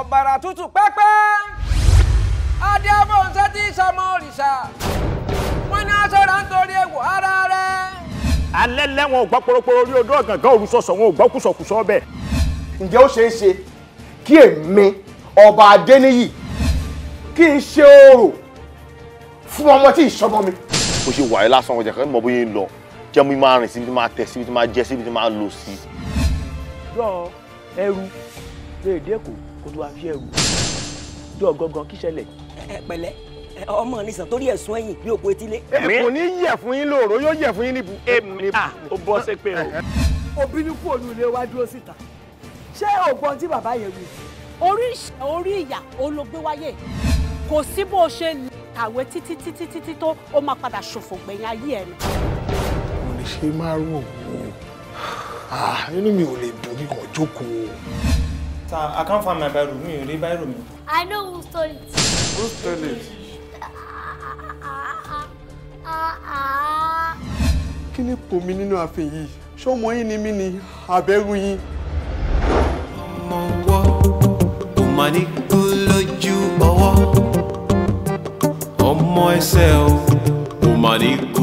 ọ̀bàrà tútù pẹ́pẹ́ adéhàmọ́ ṣe ti sọmọ òrìṣà wọ́n ní aṣọ́ra ń torí egbò ara rẹ̀. alẹ́ lẹ́wọ̀n ò gbọ́ poroporo orí odó ọ̀gàngán òrùsọ̀sọ̀ wọn ò gbọ́ kùsọ̀kùsọ̀ ọbẹ̀. ǹjẹ́ ó ṣeé ṣe kí èmi ọba adéníyì kí n ṣe orò fún ọmọ tí ìṣọmọ mi. bó ṣe wà á lásán ọjà kan mọ bóyá ń lọ jẹ́ mi máa rìn síbi tí máa tẹ̀ síbi tí máa jẹ́ síbi tí máa lọ sí. yọ ẹrù lè dẹ́kun kó tó wá fi ẹrù jọ gangan kí ṣẹlẹ̀. ẹ pẹ̀lẹ́ ọmọ nìsàn torí ẹ̀sùn ẹ̀yìn bí òkú etílé. èmi kò ní yẹ fún yín lóòró yóò yẹ fún yín níbu. èmi à ó bọ́ sí pé o. obìnrin kú olú ilé wa dúró síta ṣé ògbọ́n tí bàbá yẹn wí. orí orí ìyà olóògbé wáyé kò sí bó o ṣe lè kàwé títí títí títí tó o máa padà ṣòfò gbẹ̀yìn ayé ẹ̀ ni. mo lè ṣe márùn-ún ah, inú mi ò lè dùn kíkan jókòó. I can't find my Bible. Me, you read Bible me. I know who stole it. Who stole it? Kí ni pò mí nínú ààfin yìí? Ṣọ́mọ yín ni mí ni àbẹ́rù yín. Ọmọ ọwọ́ kò máa ní kú lójú ọwọ́. Ọmọ ẹsẹ̀ o, kò máa ní kú o.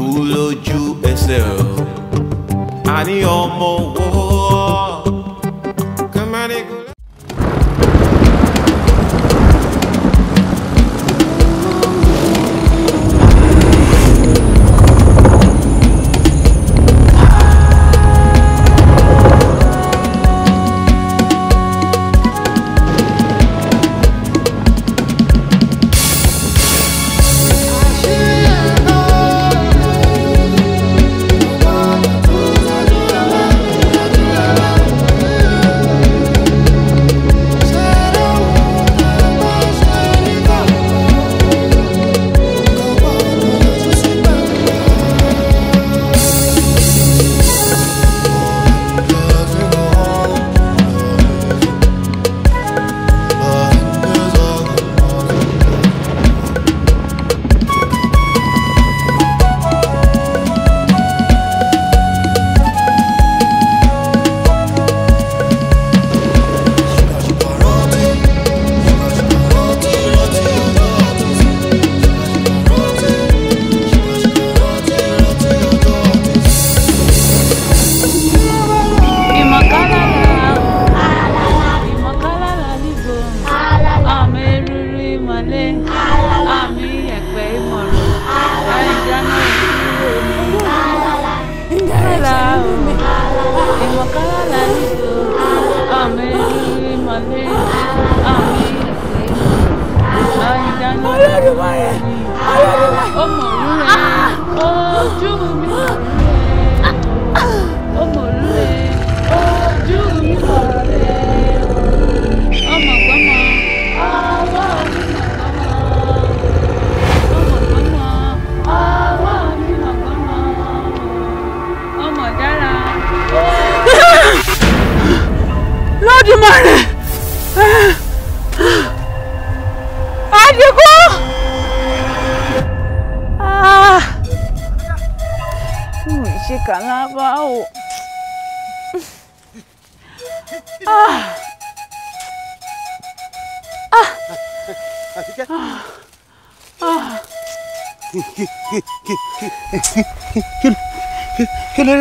A ní ọmọ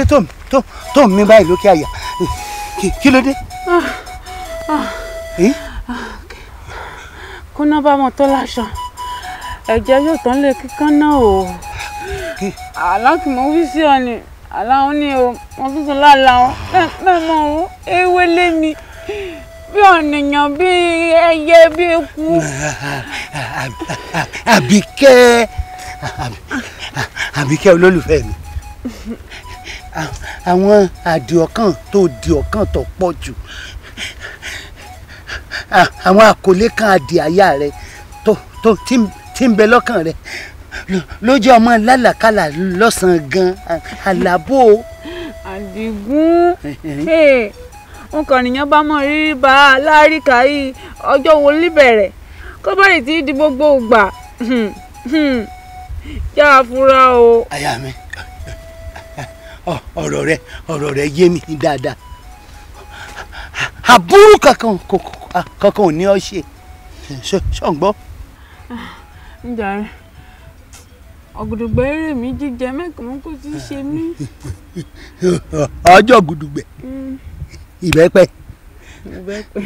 tom tom tom mi báyìí lókè àyà kí ló dé. Ah, ah. kúnná bá mọ tó láṣọ ẹ̀jẹ̀ yóò tán lè kíkan náà o aláàkìmọ̀ wí sí ọ ni aláwọn ni o wọn tún sọ láàlá wọn bẹ́ẹ̀ mọ òun ewé lé mi bí ọ̀nìyàn bí ẹyẹ bí eku. àbíkẹ́ àbíkẹ́ olólùfẹ́ mi àwọn àdìọ̀kàn tó dìọ̀kàn tó pọ̀ jù àwọn àkọlé kan àdì àyà rẹ tó tó tí ń bẹ lọ́kàn rẹ lójú ọmọ lálàkàlà lọ́sàn-án gan àlàbò. àdìgún n kàn nìyẹn bá mọ rírí bá a láríkà yìí ọjọ́ wo líbẹ̀rẹ̀ kó bá yìí ti di gbogbo ìgbà hmm, hmm. já a fura o. àyà mi ọ̀rọ̀ rẹ ọ̀rọ̀ rẹ yé mi dáadáa àbúrú kankan kankan ò ní ọ ṣe ṣọ̀ǹgbọ́. njàre ah, ọ̀gùdùgbẹ̀ eré mi jíjẹ mẹ́kànmọ́ kò tí ì ṣe mí. ọjọ́ gùdùgbẹ̀ ìbẹ́pẹ́. Hmm. ìbẹ́pẹ́.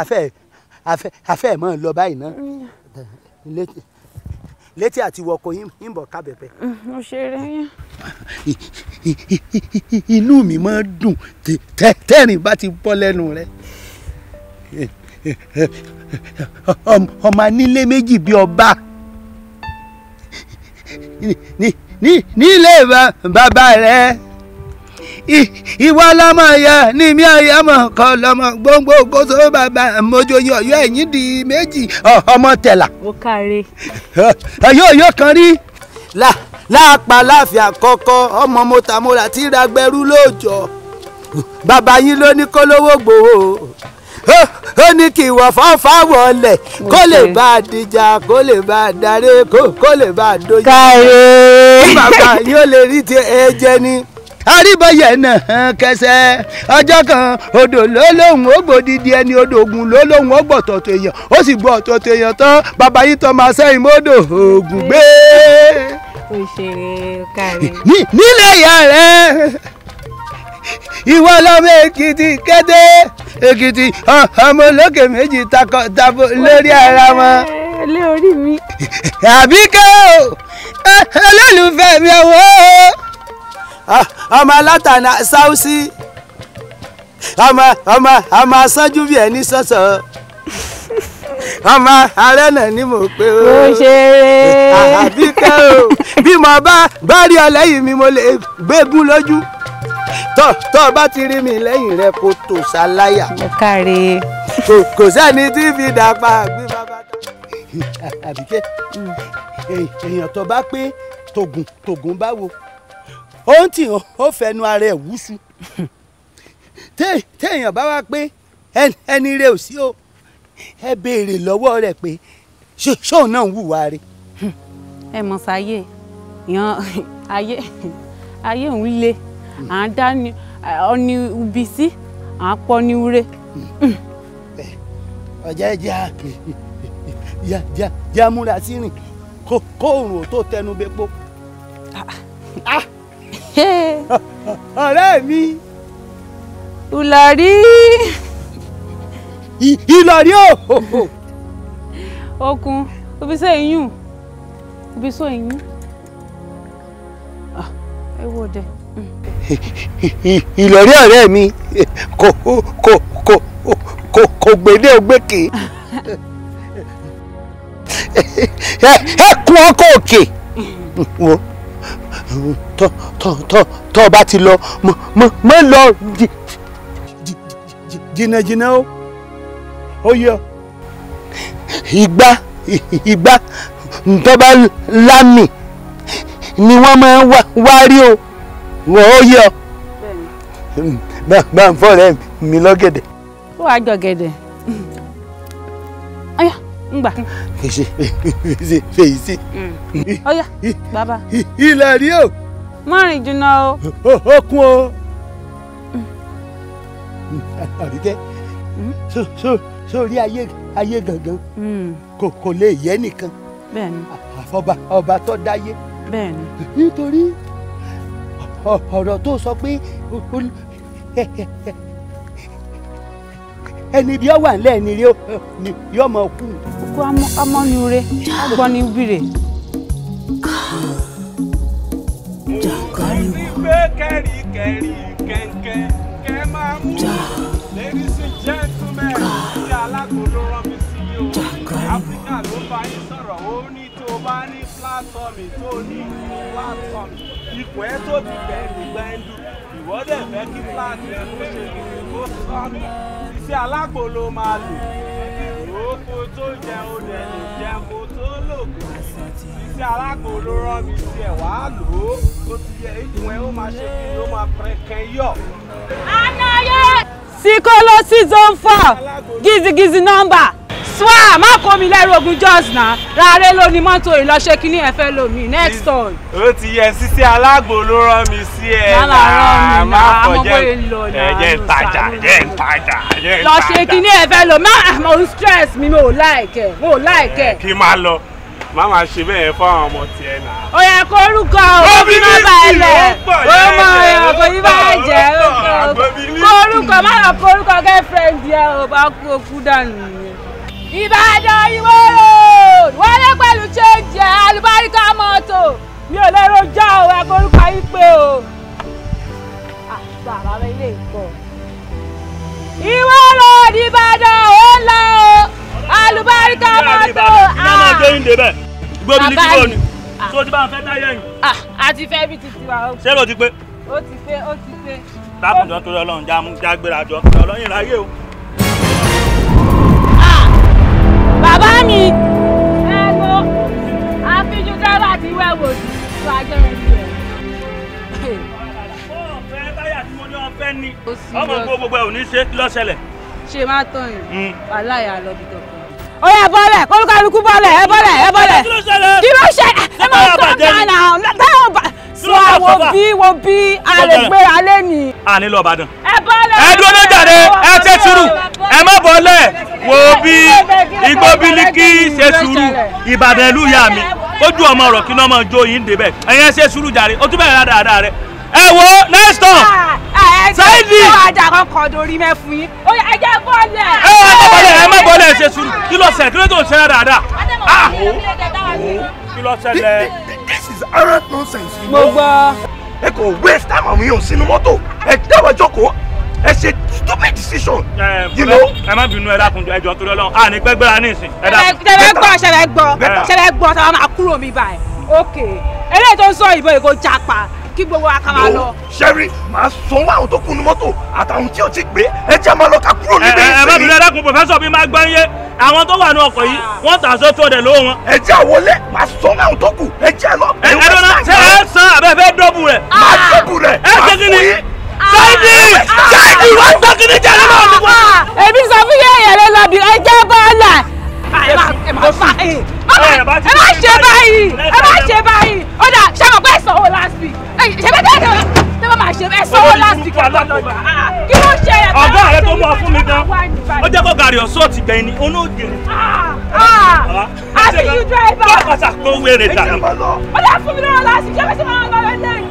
afẹ́ afẹ́ afẹ́ mọ́ ọ lọ báyìí náà. Hmm létí àti wọkọ̀ yín bọ̀ kábẹ̀pẹ̀. Mm, mo ṣe rẹ yẹn. inú mi máa ń dùn tẹ́rìn bá ti bọ́ lẹ́nu rẹ ọmọ anílé méjì bíi ọba ní ilé bàbá rẹ ìwọ lọmọ ìyá ni mi àyà mọ kọ lọmọ gbogbo kóso bàbá mojoyè ọyọ ẹ̀yìn di méjì ọmọ tẹlà. ó káre. ọyọ ọyọ kan rí. la láàpá láàfin àkọ́kọ́ ọmọ mọ́ta mọ́ra tí ìragbẹ́rú lóòjọ́ bàbá yín ló ní kólówó gbòòrò ó ní kí ìwọ̀ fáfá wọlé kó lè bá a dìjà kó lè bá a darí kó lè bá a dojú. káre. bàbá yóò lè rí ti ẹ jẹ ni àríbọyẹ náà kẹsẹ ọjọ́ kan odò ló lóhùn ó gbòdìdí ẹni odò ògùn ló lóhùn ó gbọ tọ̀tọ̀ èèyàn ó sì gbọ èèyàn tán bàbá yìí tán máa sẹ́yìn mọ́dò ògùn gbé. òṣèré kárí. nílé ìyá rẹ ìwọ lọmọ èkìtì kété èkìtì ọmọ olókè méjì takọ lórí ara wọn. ilé orí mi. àbíkẹ́ o olólùfẹ́ mi ọ̀wọ́. Ah, ọmọ alátànà sáúsí ọmọ ọmọ ọmọ asánjú bí ẹni sọ́sọ́ ọmọ ààrẹ náà ni mo pe o. mo ṣe é. Ah, àbíkẹ́ o bí mo bá bá rí ọ lẹ́yìn mi mo lè gbégún lójú tọ́ tọ́ bá ti rí mi lẹ́yìn rẹ kó tò ṣaláyà. mo káre. kò sẹ́ni tí fi dàpá àgbẹ̀ bàbá tó. àbíkẹ́ mm. èèyàn tó bá pé tògùn tògùn báwo ó ń tì ó fẹnu ara ẹ̀ wúṣu téèyàn bá wá pé ẹni rẹ ò sí o ẹ béèrè lọ́wọ́ rẹ̀ pé ṣóun náà ń hùwà rẹ̀. ẹ mọ̀ sáyé yan ayé ayé òun le à ń dá ọni ubi sí à ń pọ ní ure. ọjà ẹ jẹ́ àmúra sí rìn kó òrùn ò tó tẹnu bẹ́pọ̀. ọ̀rẹ́ mi. ìlọrí. ìlọrí o. okun obìsọ eyín obìsọ eyín ẹ wò dé. ìlọrí ọ̀rẹ́ mi kò kò kò kò kò gbèdé ògbèkè ẹ ẹ kú ọkọ òkè dúró tọ́ tọ́ tọ́ tọ́ bá ti lọ mọ́ mọ́ mọ́ lọ jìnnàjìnnà ó ó yọ. ìgbà ìgbà tó bá lámì ni wọ́n máa ń wá rí o wọ́n ó yọ. bá ń fọ́ rẹ̀ mi lọ́gẹ̀dẹ̀. ó wàá jọ gẹ̀dẹ̀ ngbà. fèsì fèsì fèsì. ọyá bàbá. ilẹ̀ rí o. má rìn jìnnà o. ó kún o. àbíkẹ́ sórí mm. ayé ayé gangan mm. kò kò lè yẹ nìkan àfọba ọba tó dáyé nítorí ọ̀rọ̀ tó sọ pé ẹni bí ọ wà nílẹ̀ ni rí ó ni yóò mọ kú. kó ọmọ ni ure ọgbọ́n ni wíre. jàǹkárí wọ. ìgbé kẹrì kẹrì kẹ̀kẹ́ kẹ máa mú. jà lẹ́ni sí gentleman tí alákòóló rán sí yìí o. jàǹkárí wọ. áfíríkà ló bá yín sọ̀rọ̀ ó ní tó bá ní platform tó ní platform ipò ẹ tó ti bẹ̀ẹ́ nígbà ìwọ dẹ̀ fẹ́ kí fúláàtì rẹ tó ṣe kiri kó sọnù iṣẹ́ alágbòlo máa lò ìrókò tó jẹ olè lè jẹ kó tó lò kó iṣẹ́ alágbòlo rán mi tiẹ̀ wá lò ó ó ti yẹ ìdùn ẹ ó máa ṣe kiri ó máa pẹ̀kẹ́ yọ̀. àná yóò sikolo season four gidigidi nọmba swa má kó mi lẹ́rù ogun jọ́s náà rárẹ̀ ló ní mọ́tò ìlọ́ṣẹ́ kínní ẹ̀ fẹ́ lómi next one. ó ti yẹ sísí alágbo ló rán mi sí ẹ náà má kọ jẹ jẹ ntajà jẹ ntajà jẹ ntajà. lọ́ṣẹ́ kínní ẹ̀ fẹ́ lómi má mo stress mi mo like ẹ̀ mo like ẹ̀. kí n máa lọ má máa ṣe bẹ́ẹ̀ fún àwọn ọmọ tiẹ̀ náà. ó yẹ kó orúkọ òbí má bàa lẹ̀ ó mọ ọkọ yìí bá jẹ́ kó orúkọ má lọ kó orúkọ girlfriend yẹ ò bá kú okú dànù. Ìbàdàn ìwòrò báyìí ah. tó o ti bá fẹ́ táyà yìí. Ah, a ti fẹ́ bí titi wa ṣé ló ti pé. ó ti pé ó ti pé. dákùnjọ torí Ọlọ́run já mú jọ Ọlọ́run ìráyè o. Ah, bàbá mi ẹ wo àfijù dábà ti wẹ̀ wò sí ìlú ajẹ́rẹ́ ti ọmọ gbogbo ẹ̀ ò ní ṣe lọ́sẹ̀lẹ̀. ṣe má tán yìí wàhálà yà lọ bìtọ̀ ó yẹ bọ́lẹ̀ kólúkálukú bọ́lẹ̀ ẹ bọ́lẹ̀ ẹ bọ́lẹ̀ kí ló ṣe ẹ máa tó ọ̀gá náà táwọn bá sọ àwọn bí wo bí a lè gbé alẹ́ nì. a nílò ọ̀bàdàn. ẹ bọ́lẹ̀ ẹ dúró ní jàre ẹ ṣe sùúrù ẹ má bọ́lẹ̀ wo bí igbó bílíkì ṣe sùúrù ìbàdàn ìlú ìyá mi ojú ọmọ ọ̀rọ̀ kí ni ọmọ jó yín débẹ̀ ẹ̀yẹn ṣe sùúrù jàre ó tún bẹ̀rẹ̀ dáadáa rẹ ẹ wo next time sáyidi ẹ wá dà kan kọ dorí mẹ fún yín ó yẹ ẹjẹ bọlẹ. ẹ ẹ má bọlẹ ah, oh, oh, this is arrant nonsense. stupid decision. you know. ẹ má bínú ẹ dákun ẹ jọ torí Ọlọ́run àní gbẹgbẹra ní ìsìn. ṣẹlẹ gbọ́ ṣẹlẹ gbọ́ ṣẹlẹ gbọ́ ṣẹlẹ máa kúrò mi báyìí ok eléyìí tó ń sọ ìbò èkó japa kí gbogbo wa ká máa lọ. sẹ́rí màá sanwó àwọn tó kùnú mọ́tò àtàwọn tí ò ti gbé ẹ jẹ́ máa lọ ká kúrò níbẹ̀ ìsìn. Eh, ẹ eh, eh, bá mi lọ ẹlẹ́kùn pòfẹ́sọ̀ mi máa gbọ́n yé àwọn tó wà ní ọkọ̀ yìí ah. wọ́n tà sọ tó dẹ̀ ló wọn. ẹ jẹ́ àwọlé màá sanwó àwọn tó kù ẹ jẹ́ lọ. ẹ ẹ lọ́nà ṣé ẹ san àbẹ́ fẹ́ dọ́bù rẹ̀. màá dọ́bù rẹ̀ màá fún yín. sáyidi sáyidi wọ́n sọ kí ni ẹ má ṣe báyìí ẹ má ṣe báyìí ó dà ṣe mọ̀ pé ẹ sanwó last week ṣe bẹ́ẹ̀ tẹ́lẹ̀ tẹ́lẹ̀ tẹ́ bá máa ṣe ẹ sanwó last week kí ló ṣe ẹ̀ ọ̀gá rẹ tó mú ọ fún mi gan ó jẹ́ kó gàrí ọ̀ṣọ́ ti gbẹ̀yìn ni òun ah, ah. ó jẹ. àti yú dírẹ́fà kí ọkọ̀ sàkóso wẹ̀rẹ̀ dànù. ó dà fún mi lọ́wọ́ last week ṣé bẹ́ẹ̀ ṣe máa ń lọ lẹ́yìn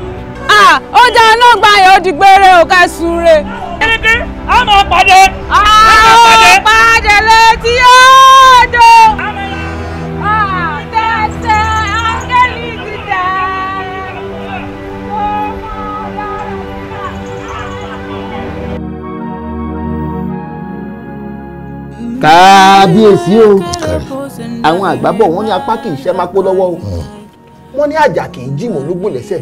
ah, ó jẹ́ ọlọ́gbà yẹn ó di gbére ò ká súre. kíríkí a máa pàdé. a máa pàdé létí ọ̀dọ̀. kábíyèsí o àwọn àgbàbọ̀ wọ́n ní apá kì í ṣẹ́ máa pọ́ lọ́wọ́ o hmm. wọ́n ní àjà kì í jìmọ̀ lógún lẹ́sẹ̀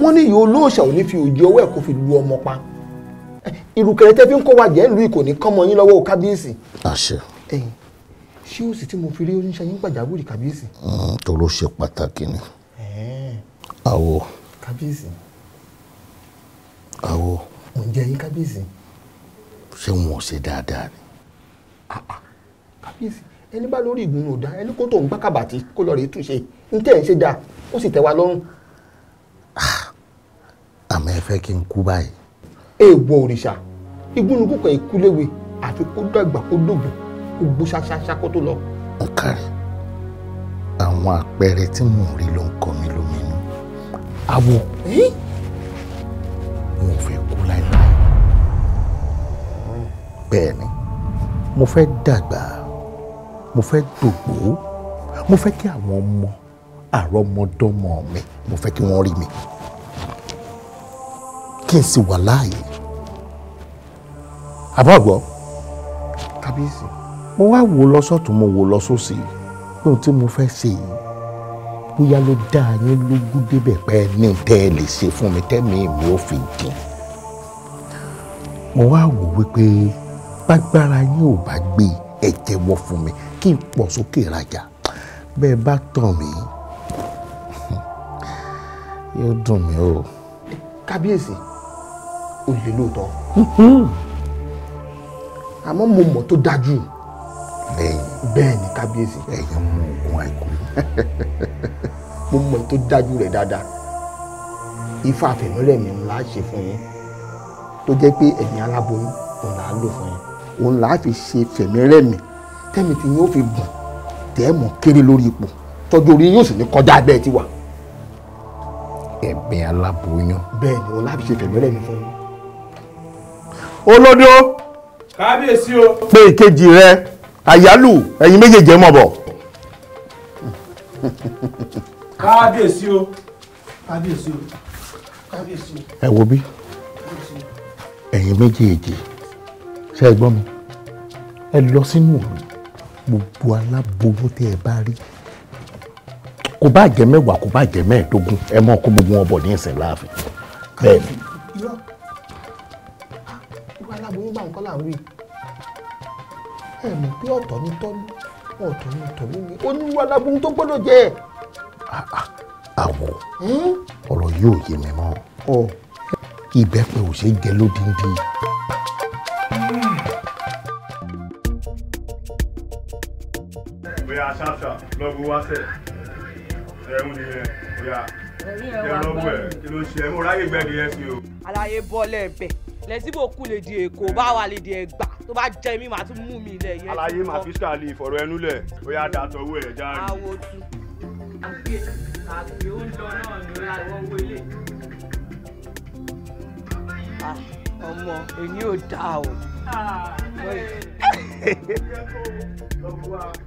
wọ́n ní ìyá olóòṣà ò ní fi òjì ọwọ́ ẹ̀ kó fi lu ọmọ pa ìrùkẹ̀rẹ̀ eh, tẹ́ fi ń kó wa jẹ́ ìkò ní kọ́mọ yín lọ́wọ́ o kábíyèsí. àṣẹ. ẹ̀yin eh, ṣé o sì tí mo fi rí oníṣẹ́ yín pàjáwìrì kábíyèsí. Hmm, tòró ṣe pàtàkì ni. Eh. àwo. kábíyèsí. àwo. mo ń jẹ yín kábíyèsí. ṣé wọn ò ṣe dáadáa ni kábíyèsí ẹni bá lórí ìgùn ò dá ẹni kó tó ń gbá kàbàtì kó lọ rè túnṣe ní tẹ̀ ń ṣe dáa ó sì tẹ̀ wá lọ́rùn. Ah, àmọ́ ẹ fẹ́ kí n kú báyìí. èèwọ̀ òrìṣà igúnnugún kan ikú léwe àfi kó dàgbà kó dògbò kó gbó ṣáṣáṣá kó tó lọ. n kárí àwọn àpẹẹrẹ tí mò ń rí ló ń kọ mi lóminú. àwọ̀ wọn fẹ́ kú láéláé hmm. bẹ́ẹ̀ ni mo fẹ́ dàgbà mo fẹ́ dògbò mo fẹ́ kí àwọn ọmọ àrọ́mọdọ́mọ mi mo fẹ́ kí wọ́n rí mi kí n sì wà láàyè àbá gbọ́ kábíyèsí mo wá wò lọ́sọ̀tún mo wò lọ́sọ̀sì ohun tí mo fẹ́ ṣe yìí bóyá ló dá yín lógún débẹ̀ pẹ́ ní tẹ́ ẹ lè ṣe fún mi tẹ́mi mi ò fi dín mo wá wò wípé bágbára yín ò bá gbé ẹ jẹ́wọ́ fún mi kí n pọ̀ sókè rajà bẹ́ẹ̀ bá tàn mí yóò dùn mí o. kábíyèsí olè lóòótọ́ mhm. àmọ́ mo mọ̀ tó dájú bẹ́ẹ̀ ni kábíyèsí. ẹ̀yin mú oògùn àìkú. mo mọ̀ tó dájú rẹ̀ dáadáa ifá àfẹ̀mọ́lẹ̀ mi ńlá ṣe fún yín tó jẹ́ pé ẹ̀yin aláboyún òun là lò fún yín òun là á fi ṣe fẹ̀mí rẹ̀mí tẹ́mi tí yóò fi gùn tẹ́ẹ̀mù kéré lórí ipò tọ́jú orí yóò sì ní kọjá bẹ́ẹ̀ ti wà. ẹ̀bìn aláboyún. bẹ́ẹ̀ ni òun là á fi ṣe fẹ̀mí rẹ̀mí fún yín. olódó. kábíyèsí o. pé ìkejì rẹ àyálù ẹ̀yin méjèèjì mọ̀ bọ̀. kábíyèsí o kábíyèsí o kábíyèsí o. ẹ wo bí ẹ̀yin méjèèjì ṣe é gbọ́ mi ẹ lọ sínú òru gbogbo aláboyún tẹ́ ẹ bá rí kò bá jẹ mẹ́wàá kò bá jẹ mẹ́ẹ̀ẹ́dógún ẹ mọ̀ kó gbogbo wọn bọ̀ ní ìsìn láàfin bẹ́ẹ̀ ni. ìwà aláboyún bá nǹkan láàrin ẹ mọ̀ pé ọ̀tọ̀ ni tọ́lú ọ̀tọ̀ ni tọ́lú ni ó ní ìwà aláboyún tó gbọ́dọ̀ jẹ. àwọ̀ ọ̀rọ̀ yóò yé mi mọ́ ìbẹ́pẹ ò ṣeé jẹ lódindi. lọ́gbọ́ wá sẹ̀ ẹ̀hún ni ẹ̀ ọ̀yà ẹ̀ lọ́gbọ́ ẹ̀ kí ló ṣe ẹ̀ ráyè gbẹ́dì ẹ̀ sí o. aláyé bọ́lẹ̀ ẹ̀bẹ̀ lẹ́sìbò kù lè di èkó bá wà lè di ẹ̀gbá tó bá jẹ́ mi màá tún mú mi ilẹ̀ yẹn. aláyé màá fi ṣàlì ìfọ̀rọ̀ ẹnu lẹ̀ bóyá dàtọ̀ owó ẹ̀ járe. àwo tu àgbẹ̀ àgbẹ̀ ó lọ náà lórí ah, ọmọ èmi ò dáa o. Ah,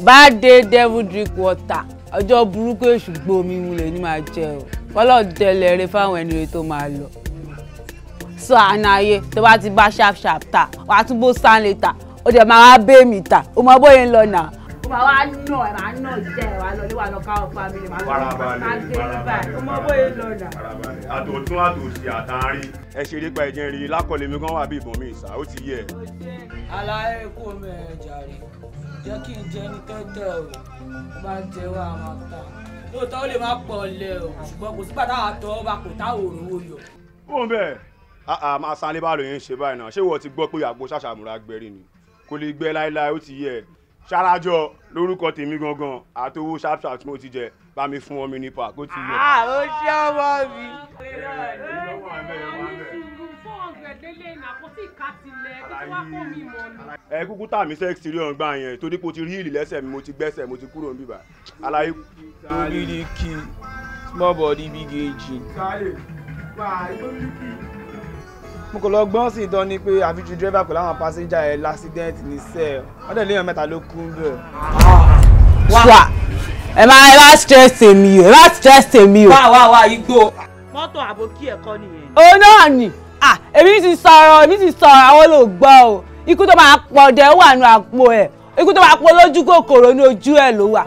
bad day devil drink water ọjọ́ burúkú èṣù gbómi wulẹ̀ ni máa jẹ o fọlọ́ tẹlẹ̀ rẹ fáwọn ẹni rẹ tó máa lọ sọ ànáyé tó bá ti bá sharp sharp ta wàá túbọ̀ sáńlẹ̀ ta ó dẹ̀ máa bẹ́ẹ̀ mi ta ó mọ bóyá ń lọ náà ó máa wá nà ẹ̀ máa wa jẹ́ ẹ̀ wá lọ níwà lọ káwọn fámìlì máa lọ máa gé bá ẹ̀ ọmọ bóyá lọ́nà. àtòtún àtòsí àtàárí. ẹ ṣe eré pa ẹ̀jẹ̀ rí lákọlẹ̀ mi kan wà bí ìbọn mi ìsà ó ti yẹ. aláyé kò mẹ́rin jàre jẹ́ kí n jẹ́ ní tẹ́tẹ́ o bá jẹ́ wà máa ta lóòótọ́ ó lè má pọ̀ lẹ̀ o ṣùgbọ́n kò sígbà táwa tọ́ ọba kò tá òróró yọ. ó ń bẹ̀ àà bá lóyún ṣe báyìí náà ṣé wọ́n ti gbọ́ pé àgbo ṣàṣàmùrà gbẹ̀rì ni kò lè gbẹ láéláé ó ti yẹ ṣarajọ lórúkọ tèmi gangan àtowó sharp tí mo ti jẹ bá mi fún ọmọ nípa kó ti yẹ. a ah, ṣe ọmọ mi. ẹ kúkú tà mí sex ríran gbà yẹn torí pé o ti rí ìlì lẹ́sẹ̀ mi mo ti gbẹ́sẹ̀ mo ti kúrò ń bìbà. alaye. lórí kí small body big age mo kò lọ gbọ́n sí ìtọ́ ni pé àfijù dírẹ́fà pẹ̀lú àwọn pásẹ́njà ẹ̀ lásìdẹ́ǹtì ní sẹ́ẹ̀ wọ́n dẹ̀ léèyàn mẹ́ta ló kú bẹ́ẹ̀. wà ẹ má ẹ má stress èmi o ẹ má stress èmi o. wá wá wá igbó. mọ́tò àbókí ẹ̀kọ́ nìyẹn. òun náà ni èmi ti sọ̀rọ̀ èmi ti sọ̀rọ̀ àwọn olùgbọ́ o ikú tó máa pọ̀ dẹ̀ ó wà nù àpò ẹ̀ ikú tó máa pọ̀ lójú kòkòrò ní ojú ẹ̀ ló wà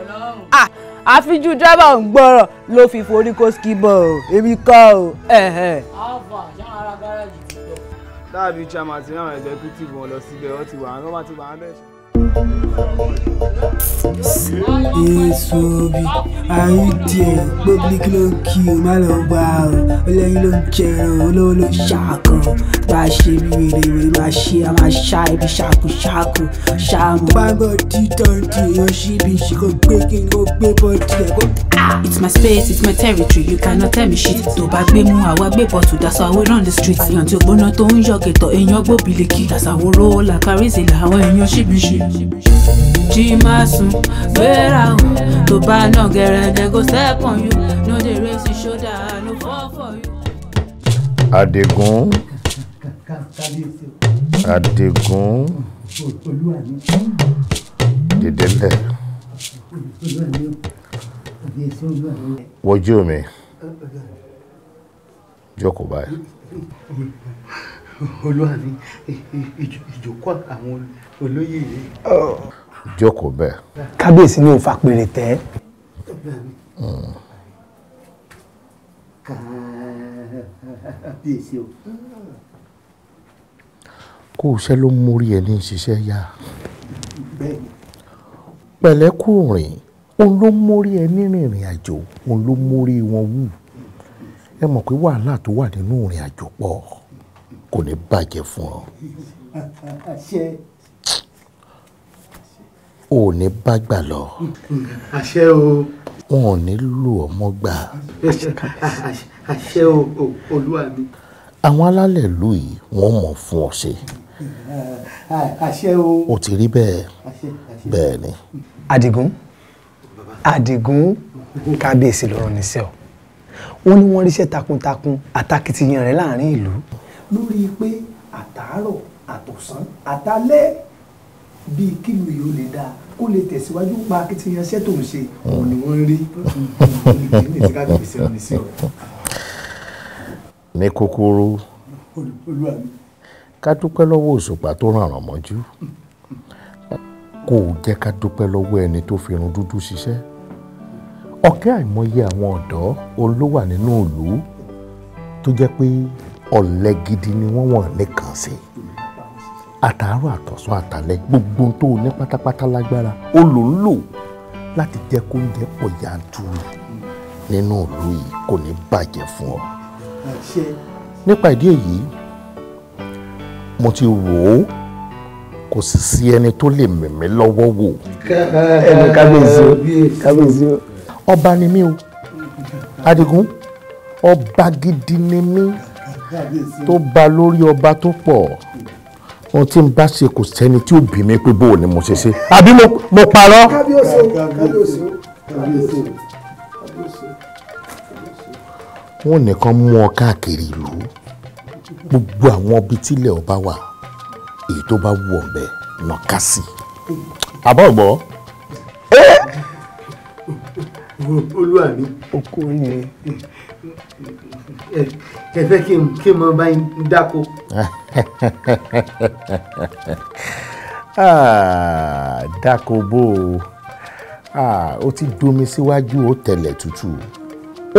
àfijú dráìbà ń gbọ́rọ̀ ló fi forí skibọ̀ o èmi kọ́ o. ọ̀fà ṣáà ara gáràjì táàbí chairman àti àwọn executive wọn lọ síbẹ̀ wọ́n ti wà wọ́n bá ti wà á bẹ̀ ṣá èso bí àrídì ẹ̀ gbóbi kí ló ń kí o má o olóyin ló ń jẹran olówó ló ń ṣàkàn bá a ṣe bí wèrè wèrè máa ṣe a máa ṣá ibi ṣàkóṣàkó ah, It's my space, it's my territory, you cannot tell me shit. Tó bá gbé mú àwa gbé bọ̀ tù, that's how we run the street. Àyàn tí ó gbóná tó ń to èèyàn gbóbi lè kí. That's how we roll, like a rizzi, làwọn èèyàn ṣíbi ṣe jí má sùn gbéra o tó bá ná gẹ̀rẹ́dẹ̀ go step on you no dey raise your shoulder no fall for you. Adégún Adégún wojú mi jókòó báyìí olúwa mi ìjókòó àwọn olóyè yìí. jókòó bẹ́ẹ̀. kábíyèsí ni òfa pèrè tẹ́. Hmm. kábíyèsí o. kó o ṣe ló ń mórí ẹ ní ìṣiṣẹ́ yá. pẹ̀lẹ́kùnrin òun ló ń mórí ẹ ní ìrìn àjò òun ló ń mórí wọn wù ẹ mọ̀ pé wàhálà tó wà nínú ìrìn àjò pọ̀ kò ní bàjẹ́ fún ọ. o ò ní bá gbà lọ. o. wọn ò ní lù ọ mọ́ gbà. o olúwa mi. àwọn alálẹ̀ ìlú yìí wọ́n mọ̀ fún ọ ṣe. àṣẹ o. o ti rí bẹ́ẹ̀ bẹ́ẹ̀ ni. àdìgún àdìgún kábíyèsí lọ́rọ̀ ní sẹ́ọ̀ wọ́n ní wọ́n ríṣẹ́ takuntakun àtàkìtìyàn rẹ̀ láàrin ìlú lórí pé àtàárọ̀ àtọ̀sán àtàlẹ́ bíi kílù yìí ó lè dáa kó lè tẹ̀síwájú pa akitiyan iṣẹ́ tó ń ṣe òun ni wọ́n ń rí ní kúkúrú ká dúpẹ́ lọ́wọ́ òṣùpá tó ràn án mọ́jú kò jẹ́ ká dúpẹ́ lọ́wọ́ ẹni tó fi irun dúdú ṣiṣẹ́ ọ̀kẹ́ àìmọye àwọn ọ̀dọ́ olówà nínú ìlú tó jẹ́ pé ọ̀lẹ gidi ni wọ́n wọ̀n nìkan sí àtàárọ̀ àtọ̀sán àtàlẹ́ gbogbo tó o ní pátápátá lágbára ó lò ń lò láti jẹ́ kó ń jẹ́ pọ̀ yanturu nínú ìlú yìí kò ní bàjẹ́ fún ọ. nípa ìdí èyí mo ti wò ó kò sì sí ẹni tó lè mẹ̀mí lọ́wọ́ wò. ẹnu kábíyèsí o kábíyèsí o. ọba ni mí o adigun ọba gidi ni mí tó ba lórí ọba tó pọ̀ ohun tí n bá ṣe kò sẹ́ni tí ó bí mi pé bó o ni mo ṣe ṣe àbí mo parọ́. wọ́n nìkan mú ọ káàkiri ìlú gbogbo àwọn ibi tílẹ̀ ọba wà èyí tó bá wù ọ̀bẹ náà ká sí. àbọ̀ gbọ́. olúwa mi. okòó ni ẹ fẹ́ kí n kí n mọ bá yín dáko. Ah, dáko bó o ah, ó ti domi síwájú ó tẹ̀lẹ̀ tútù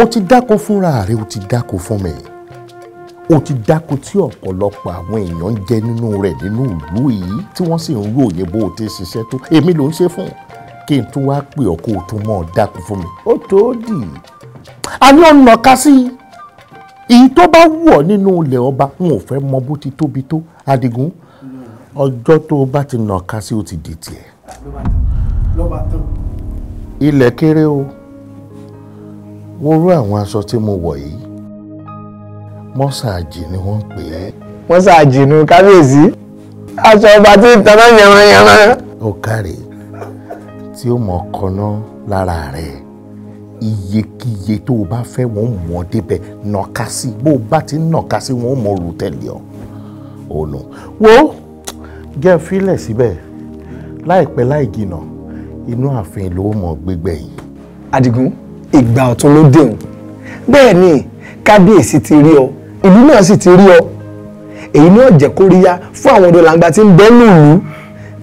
ó ti dáko fúnra rẹ̀ ó ti dáko fún mi ó ti dáko tí ọ̀pọ̀lọpọ̀ àwọn èèyàn ń jẹ nínú rẹ̀ nínú ìlú yìí tí wọ́n sì ń ròyìn bó o ti ṣiṣẹ́ tó èmi ló ń ṣe fún kí n tún wá pè ọ́ kó o tún mọ̀ ọ́ dáko fún mi ó tó dì a ní ọ̀nà ká sí i èyí tó bá wù ọ́ nínú ilẹ̀ ọba wọn ò fẹ́ mọ bó ti tóbi tó Adigun ọjọ́ tó o bá ti nà ká sí o ti di tiẹ̀ ilẹ̀ kéré o wọ́n rú àwọn aṣọ tí mo wọ̀ yìí mọ́sáàjì ni wọ́n ń pè é. mọ́sáàjì nu kábíyèsí aṣọ ọba tí ń taná yẹran yẹran. ó kárẹ̀ tí ó mọ̀ ọ́ kọ́ná lára rẹ̀ iyekíye tó o bá fẹ́ wọn ò mọ̀ débẹ̀ nàka sí bó o bá ti nàka sí wọn mọ̀ rù tẹ̀lé ọ ò nù. wo jẹ́ fílẹ̀ síbẹ̀ láìpẹ́ láì jìnà inú ààfin ló mọ̀ gbégbẹ́ yìí. Adigun ìgbà ọ̀tún ló dé òun bẹ́ẹ̀ ni kábíyèsí ti rí ọ ìlú náà sì ti rí ọ èyí náà jẹ́ kóríyá fún àwọn ọ̀dọ́ làǹgbà tí ń bẹ nílùú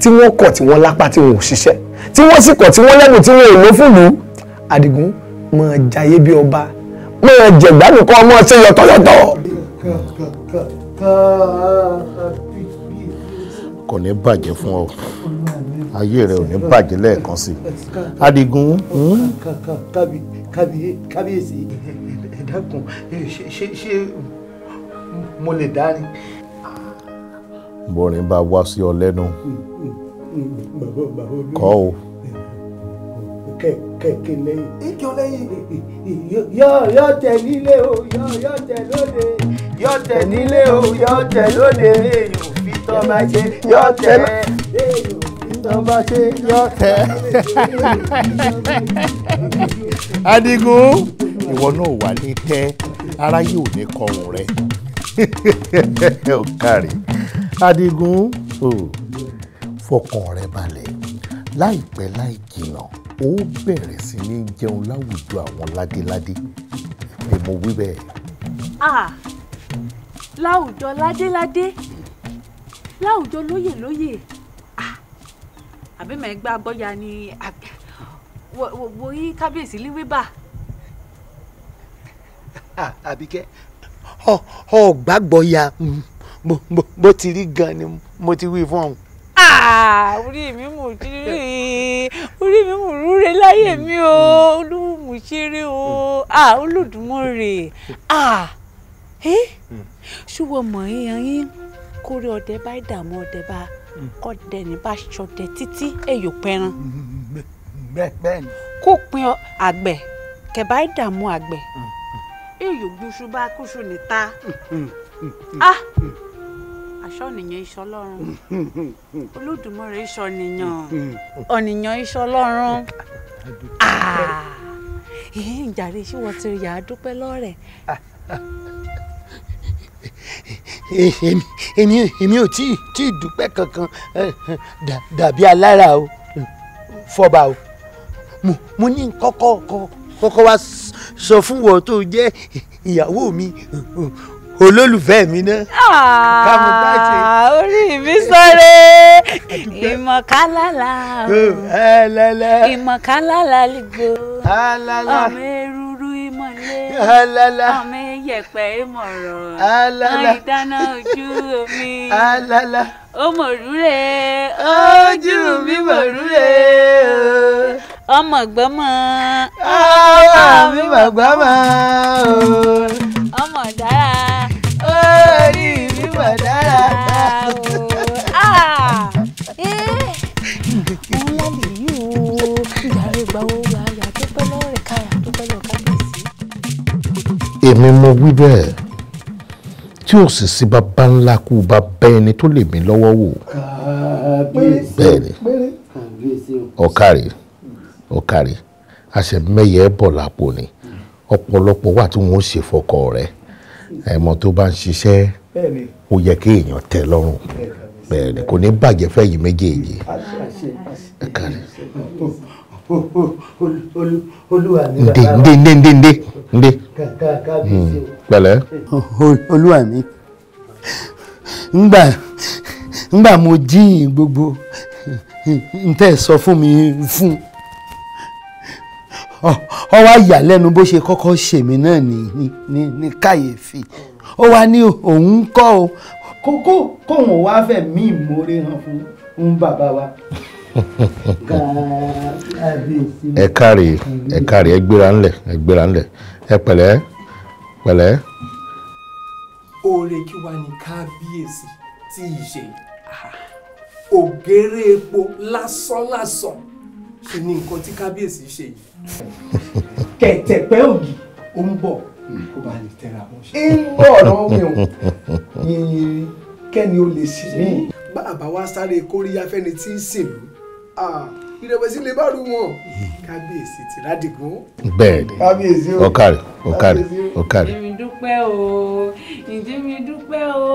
tí wọ́n kọ̀ tí wọ́n lápá tí wọ́n ò ṣiṣẹ́ tí wọ́n sì kọ̀ tí wọ́n lẹ́nu tí wọ́n ò lò fún ìlú Adigun máa jayé bí ọba máa jẹ̀gbádùn kọ́ ọmọ ṣe yọ̀tọ̀yọ̀tọ̀. kò ní bàjẹ́ fún ọ ayé rẹ ò ní bàjẹ́ lẹ́ẹ̀kan sí i Adigun. Hmm? kábíyèsí ẹ dákun ṣé ṣé mo lè dá ni. bọ́rin bá wá sí ọ lẹ́nu kọ́ o kẹ̀kẹ́ lẹ́yìn. ìjọ lẹ́yìn. yọ yọ tẹ nílé o yọ yọ tẹ lóde. yọ tẹ nílé o yọ tẹ lóde. èèyàn fi tọ́ máa ṣe yọ tẹ. èèyàn tọ́ba ṣe yọ tẹ. Adigun ìwọ náà wà ní tẹ ara yóò ní kọrùn rẹ ó kárí Adigun fọkàn rẹ balẹ̀ láìpẹ́ láì jìnnà ó bẹ̀rẹ̀ sí ní jẹun láwùjọ àwọn ládéládé ni mo wí bẹ́ẹ̀. ah láwùjọ ládéládé láwùjọ lóyè lóyè àbí mẹ́gbà bọ́yà ni wò yí kábíyèsí líwébà. àbíkẹ́ ọ̀gbàgbọ́yà mo ti rí gan ni mo ti wí fún ọ̀hún. Ah, orí mi mò ń ṣeré orí mi mò ń rúre láyé mi o olówó mò ń ṣeré o ah, Olódùmarè ah, ṣùgbọ́n mọ̀ yín yín kórè ọdẹ bá ìdààmú ọdẹ bá kọ́dẹ ní bá ṣọdẹ títí èyò pẹran kó pin àgbẹ̀ kẹ̀bá ìdààmú àgbẹ̀ èyò gbúṣu bá kúṣu níta. Hmm, hmm, hmm, aṣọ́nìyàn iṣọ́ lọ́rùn olódùmarè iṣọ́nìyàn ọ̀nìyàn iṣọ́ lọ́rùn ẹ̀ẹ́n jàre ṣé wọ́n ti yà á dúpẹ́ lọ́rẹ̀. èmi èmi ò tíì tíì dúpẹ́ kankan dàbí alára o fọba o mo ní kọ́kọ́ kọ́kọ́ wá sọ fún wọn tó jẹ́ ìyàwó mi olólùfẹ́ mi náà. kámo bá ṣe. Ah, orí mi sọ̀rọ̀ ìmọ̀kálálà eh, eh, ìmọ̀kálálà lìgbò ah, ọmọ eruru ìmọ̀lẹ́ ah, ọmọ yẹ̀pẹ̀ ìmọ̀ràn ọmọ ìdáná ojú omi ọmọ òrùlé ojú mi mòrùlé ọmọ gbọ́mọ ọmọ mi mọ̀ gbọ́mọ ọmọ dára mà dára ah. eh. èmi mo wí bẹ́ẹ̀ tí ò sì sí bàbá ńlá kú bá bẹ́ ẹni tó lè mí lọ́wọ́ wò. bẹ́ẹ̀ ni ọ̀kàrí ọ̀kàrí àṣẹ mẹ́yẹ bọ̀ lápò ni ọ̀pọ̀lọpọ̀ wà tí wọ́n ṣe fọkọ rẹ̀ ẹ̀mọ́ tó bá ń ṣiṣẹ́ ó yẹ kí èèyàn tẹ́ lọ́rùn bẹ́ẹ̀ ni kò ní bàjẹ́ fẹ́yìn méjèèjì ẹ kárí. olúwa mi bàbá ndé ndé olúwa mi ngbà mo jíyìn gbogbo n tẹ́ sọ fún mi fún ọ wá yà lẹ́nu bó ṣe kọ́kọ́ ṣèmi náà ní ní ní Oh ó wá ní òun kọ́ o kókó kóun ò wá fẹ́ mí ìmoore hàn fún un bàbá wa. ẹ káre ẹ káre ẹ gbéra ńlẹ̀ ẹ gbéra ńlẹ̀ ẹ pẹ̀lẹ́ pẹ̀lẹ́. oore kí wàá ní kábíyèsí tí ì ṣe ògèrè epo lásánlásán ṣe ni nǹkan tí kábíyèsí ṣe kẹ̀tẹ̀pẹ́ ògì ó ń bọ̀ kó bá lè tẹ́ra mọ́ ṣe. ń lọ ọ̀rọ̀ mi ò yìnyín kẹ́ni ó lè sìn mí. bá a bá wá sáré kóríyá fẹ́ni tí ń sìnlú ìrẹ̀wẹ̀sì lè bá rú wọn kábíyèsí ti rádìgún. bẹ́ẹ̀ni kábíyèsí o ọkàrẹ ọkàrẹ ọkàrẹ. ǹjẹ́ mi dúpẹ́ o ǹjẹ́ mi dúpẹ́ o.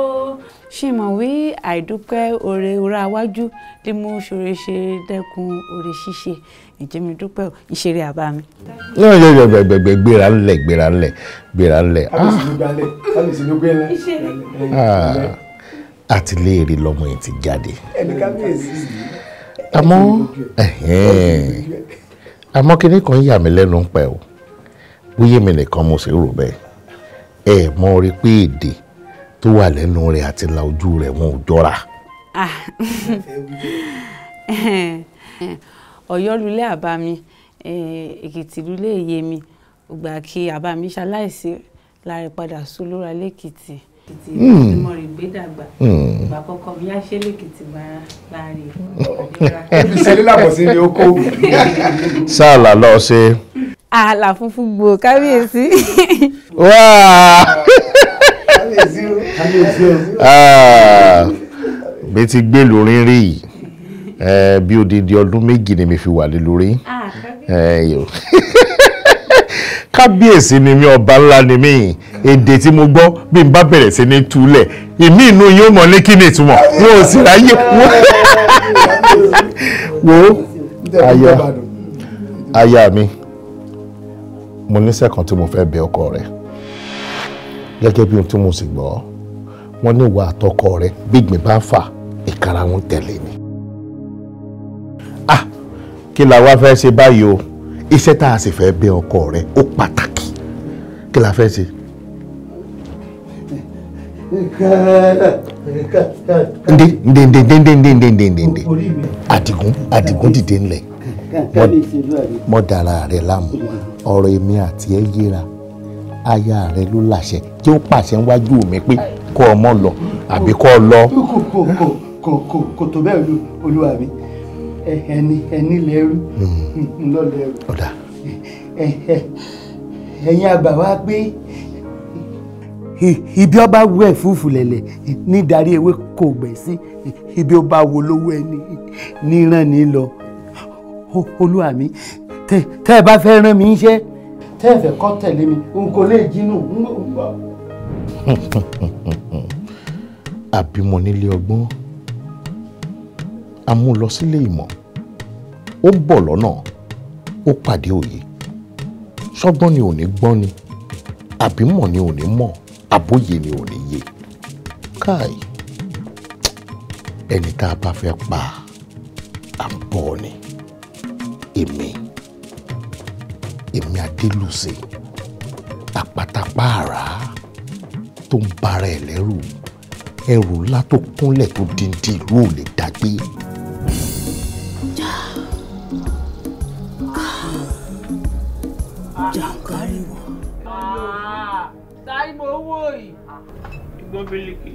ṣé mọ̀ wí àìdúpẹ́ oore ora wájú tí mo ṣòro ṣe dẹ́kun oore ṣíṣe ìjẹ́ mi dúpẹ́ o ìṣeré àbá mi. náà yẹ yẹ gbẹgbẹgbẹ gbéra ńlẹ̀ gbéra ńlẹ̀ gbéra ńlẹ̀. kábíyèsí ló gbẹ́lẹ̀ ah, àti léèrè lọmọ yẹn ti jáde. ẹni kábíyèsí. àmọ́ àmọ́ kinní kan yà mí lẹ́nu ń pẹ́ o bóyá mi nìkan mo sì rò bẹ́ẹ̀ ẹ mọ rí pé èdè tó wà lẹ́nu rẹ̀ àti la ojú rẹ̀ wọn ò jọra. Ah. ọ̀yọ́lulẹ̀ àbámi eh, èkìtìlulẹ̀ èyẹmi ògbà kí àbámi ṣaláìsí láre padà sólóra lẹ́kìtì èkìtì ìmọ̀ hmm. rẹ̀ gbé dàgbà hmm. ìgbà kọ́kọ́ bí aṣẹ́ lẹ́kìtì bára láre ìpàdéra. Hmm. ẹbí sẹ́lẹ̀ làbọ̀sí ni ó kó. sáàlà lọ ṣe. ààlà funfun gbò kábíyèsí. wáá kábíyèsí o. bí ah! ti gbèlú rínrí yìí bí odidi ọdún méjì ni mi fi wà lé lórí ah, kábíyèsí ni mi ọba ńlá ni mi èdè tí mo gbọ́ bí n bá bẹ̀rẹ̀ sí ní túlẹ̀ èmi inú yín mọ̀ ní kí ni ìtumọ̀ wọn ò sì ráyè wo aya aya mi mo níṣẹ́ kan tí mo fẹ́ bẹ ọkọ rẹ gẹ́gẹ́ bí ohun tí mo sì gbọ́ wọ́n ní ìwà àtọkọ rẹ bí bá fà ìkara tẹ̀lé ni kí la wá fẹ́ ṣe báyìí o iṣẹ́ tá a sì fẹ́ bẹ ọkọ rẹ ó pàtàkì kí la fẹ́ ṣe. ndé ndé ndé ndé ndé ndé ndé ndé ndé Àdìgún Àdìgún dìde ńlẹ̀ mo dára rẹ láàmú ọ̀rọ̀ èmi àti ẹ yíra aya rẹ ló láṣẹ tí ó pàṣẹ wájú mi pé kó ọmọ lọ àbí kó lọ. kò kò kò kò tó bẹ́ẹ̀ olúwa mi ẹni ẹni lẹ́rú ńlọ́lẹ́rú hmm. ẹ̀yin àgbà wá pé ibi ọba wú ẹ̀ fúfú lẹ̀lẹ̀ ní darí ewé kò gbẹ̀ sí ibi ọba wo lówó ẹni níran ní lọ olúwa mi tẹ́ ẹ bá fẹ́ rán mi iṣẹ́ tẹ́ ẹ fẹ́ kọ́ tẹ̀lé mi n kò lè jínú n kò gbọ́. àbímọ nílé ọgbọ́n a mú lọ sílé ìmọ̀ ó bọ̀ lọ́nà ó pàdé òye ṣọ́gbọ́n ni ò ní gbọ́n ni àbímọ̀ ni ò ní mọ̀ àbóyè ni ò yé káì ẹni tá a bá fẹ́ pa à ń bọ̀ ni èmi èmi adélùsè àpátápáàrà tó ń bára ẹ̀ lẹ́rù ẹrù ńlá tó kúnlẹ̀ tó dín dín ìlú ò lè dá yìí mo wò yìí. ìgbọ́n bílíkì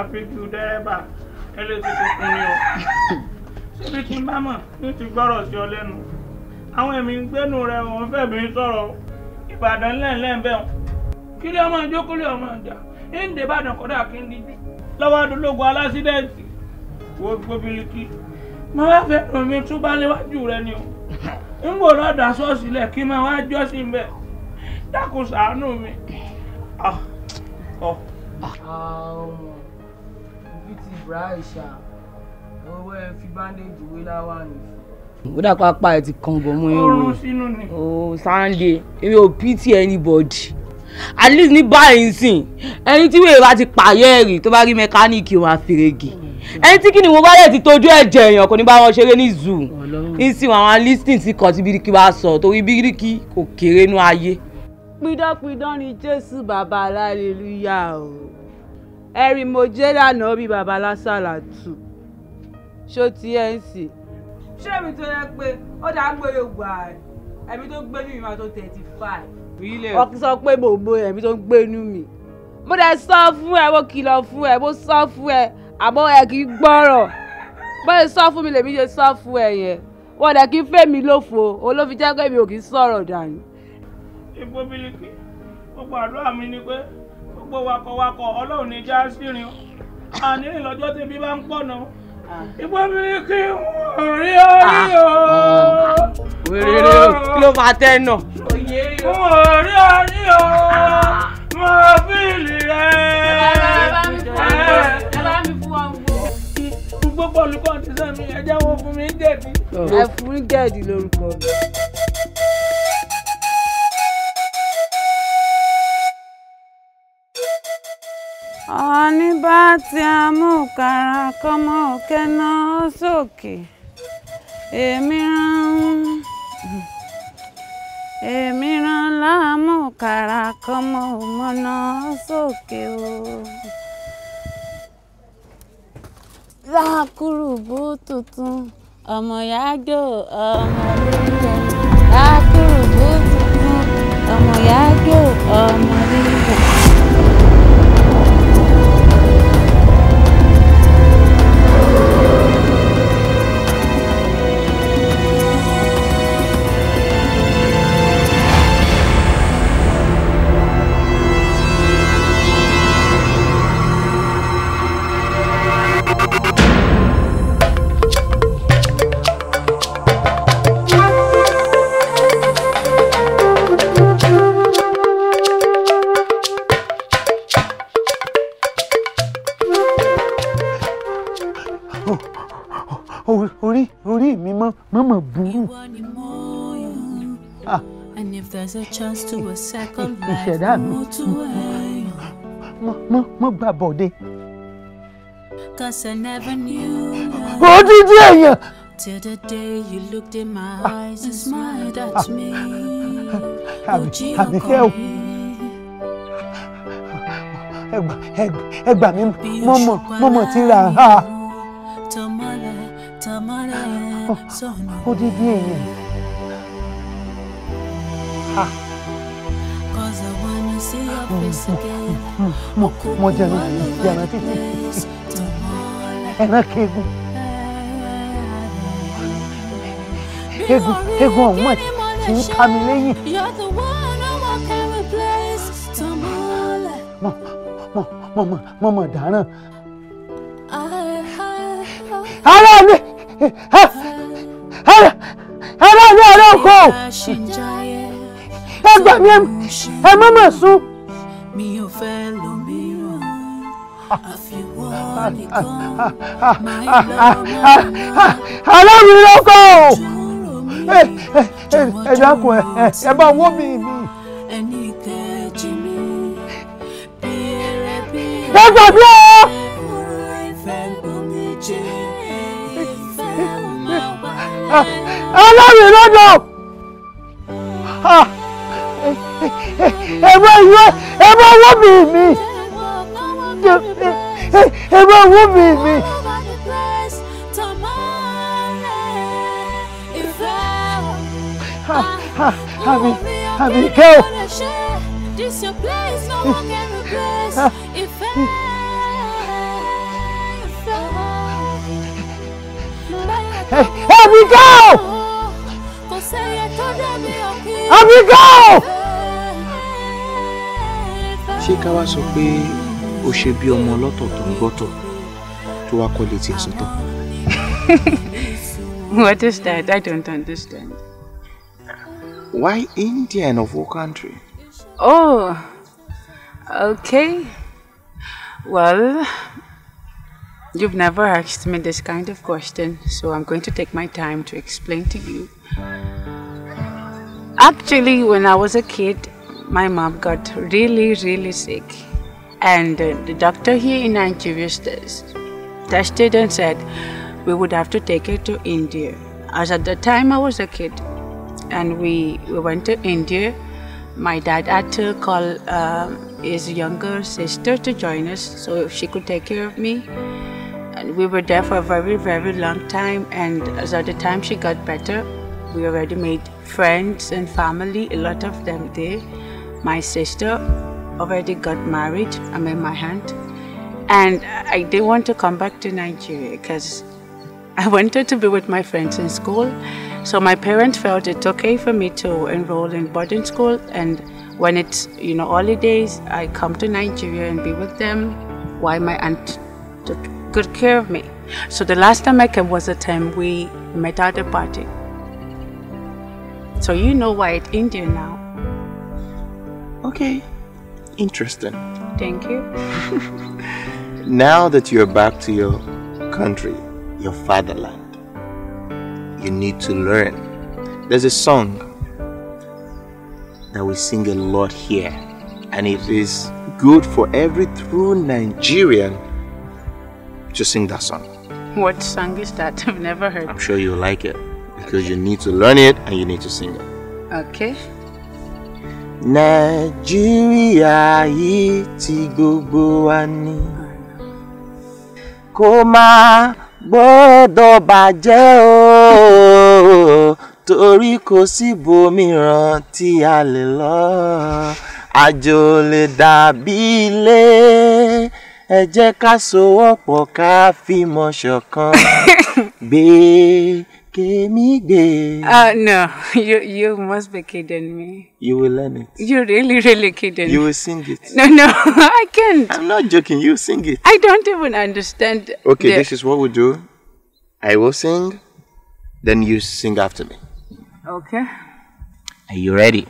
àfíjú dẹ́rẹ́bà ẹlẹ́sìn tuntun ni ọ. síbi tí mámọ̀ ní ti gbọ́rọ̀ sí ọ lẹ́nu àwọn èmi ń gbẹ́nu rẹ wọ́n fẹ́ mi sọ̀rọ̀ ìbàdàn lẹ́ẹ̀lẹ́ẹ̀ bẹ́ẹ̀ kí ló máa jókòó lè ọmọ ìjà ń dè bàdàn kọ́dà kí n díjú lọ́wọ́ adológun alásídẹ́ǹtì wo gbóbiliki mo wá fẹ́ ràn mí tún bá níwájú rẹ ni o ń gbòòrò ọ̀dà ṣọ́ọ̀ṣì kí n máa wá jọ́sìn bẹ́ẹ̀ dákun ṣàánú mi. Ah. Oh. Um, Bíti Braisha, owó ẹ fi bandage wé láwà nì. Ó dàpọ̀ apá ẹ ti kan bọ̀ mú irun. Oorun sínú Oh, Sunday, èmi ò pity anybody. At least ní báyìí sìn, ẹni tí wèrè bá ti pààyẹ́ rì tó bá rí mẹkáníìkì wọn àfèrègì. Ẹni tí kìnìún bá yẹ̀ ti tójú ẹ̀jẹ̀ èèyàn kò ní bá wọn ṣeré ní zoo. Ní sìn àwọn listing ti kàn sí bíríkì bá sọ torí bíríkì kò kéré nú ayé pidánpidán ni jésù bàbá alálelúyà o ẹ̀rí mo jẹ́ lànà bí bàbá lásàlà tù ṣó ti ẹ̀ ń sìn. ṣé èmi tó yẹ pé ó dáa ń gbóyè ògbà ẹ̀mí tó ń gbénú mi tó thirty five. ọkùnrin sọ pé mo mọ ẹ̀mí tó ń gbénú mi mo dẹ̀ sọ fún ẹ mo kìlọ̀ fún ẹ mo sọ fún ẹ àmọ́ ẹ kì í gbọ́rọ̀ bẹ́ẹ̀ sọ fún mi lèmi ṣe sọ fún ẹ yẹn wọ́n dẹ̀ kí fèmí lófo olófin jẹ́ pé mi ò kì í sọ̀rọ̀ dànù ìbò bílíkì gbogbo àdúrà mi ni pé gbogbo wakọ̀wakọ̀ ọlọ́run ní já sírin àní ìlọ́jọ́ tí bí bá ń pọ̀nà ìbò bílíkì rí orí ah, o. wèrè o kí ló máa tẹ́ náà. mo rí orí o mo bíìlì rẹ. ẹ bá mi fún wa gbogbo olùkọ́ ti sẹ́mi ẹ jẹ́ wọn fún mi jẹ̀dí. Oh. ẹ fún jẹ̀dí lórúkọ mi. ọ̀ọ́ni bá ti amúkàrà kọ́mọ kẹ́nà sókè èmi rán èmi rán láàmúkàrà kọ́mọ mọ́nà sókè o. lákùrùbù tuntun ọmọ yájò ọmọ lílọ lákùrùbù tuntun ọmọ yájò ọmọ lílọ. mọ̀mọ́ burú. ìṣẹ̀dá mi mo gbà bọ̀dé. odidi èèyàn. Till the day you looked in my ah. eyes and smiled at ah. me. Àbíkẹ́ o. Ẹ gbà mí mọ́mọ́ mọ́mọ́ ti ra. Tamale, tamale. Who did odidi èèyàn. Mm, mm, mm. mo jẹ̀rọ jẹ̀rọ títí ẹ̀rán kegun kegun kegun ọ̀hún ẹ̀ tí ń ká mi lẹ́yìn. mo mo mo mo mo dáràn. aráàlú. ìyá mi ẹ má mà sùn. mi ò fẹ́ lómi ràn ah. àfiwọ́ ah, ah, nìkan máa ń lọ́wọ́. aláàmì lọ́kọ̀ o ẹ dákun ẹ ẹ bá wọ́n mi mi. ẹni kejì mi bí ẹrẹ bí ẹrẹ. ẹ gbàgbé o. ọ̀rọ̀ ìfẹ́ gbomi jẹ́ ìfẹ́ máa wà lẹ́yìn. aláàmì lọ́dọ̀. ẹ̀rọ ìwọ ẹ̀rọ ọwọ́ mi mi ẹ̀rọ ọwọ́ mi mi. Àbí Àbíkẹ́ o. Àbíkẹ́ o. Àbíkẹ́ go ṣé ká wá sọ pé ó ṣe bí ọmọ ọlọ́tọ̀ tó ń gbọ́tọ̀ tó wá sọ́tọ̀. What is that? I don't understand. Why India and of all country? Oh, okay. Well, you've never asked me this kind of question, so I'm going to take my time to explain to you. Actually, when I was a kid, my mom got really, really sick. And uh, the doctor here in Nigeria tested and said we would have to take her to India. As at the time I was a kid, and we, we went to India. My dad had to call uh, his younger sister to join us so she could take care of me. And we were there for a very, very long time. And as at the time she got better, we already made friends and family, a lot of them there my sister already got married. I'm in my hand. And I did not want to come back to Nigeria because I wanted to be with my friends in school. So my parents felt it's okay for me to enroll in boarding school. And when it's, you know, holidays, I come to Nigeria and be with them while my aunt took good care of me. So the last time I came was the time we met at a party. So you know why it's India now. Okay, interesting. Thank you. now that you're back to your country, your fatherland, you need to learn. There's a song that we sing a lot here, and it is good for every true Nigerian to sing that song. What song is that? I've never heard. I'm sure you'll like it because okay. you need to learn it and you need to sing it. Okay. nàìjíríà yìí ti gbogbo wa ni kó má gbọ́dọ̀ bàjẹ́ o torí kò síbòmíràn tí a lè lọ àjò lè dàbí ilé ẹ jẹ́ ká sowọ́pọ̀ ká fìmọ̀ ṣọ̀kan gbé. Kemide. Ah, uh, no. You you must be kidding me. You will learn it. You really, really kidding You will sing it. No, no, I can't. I'm not joking. You sing it. I don't even understand. Okay, the... this is what we do. I will sing, then you sing after me. Okay. Are you ready?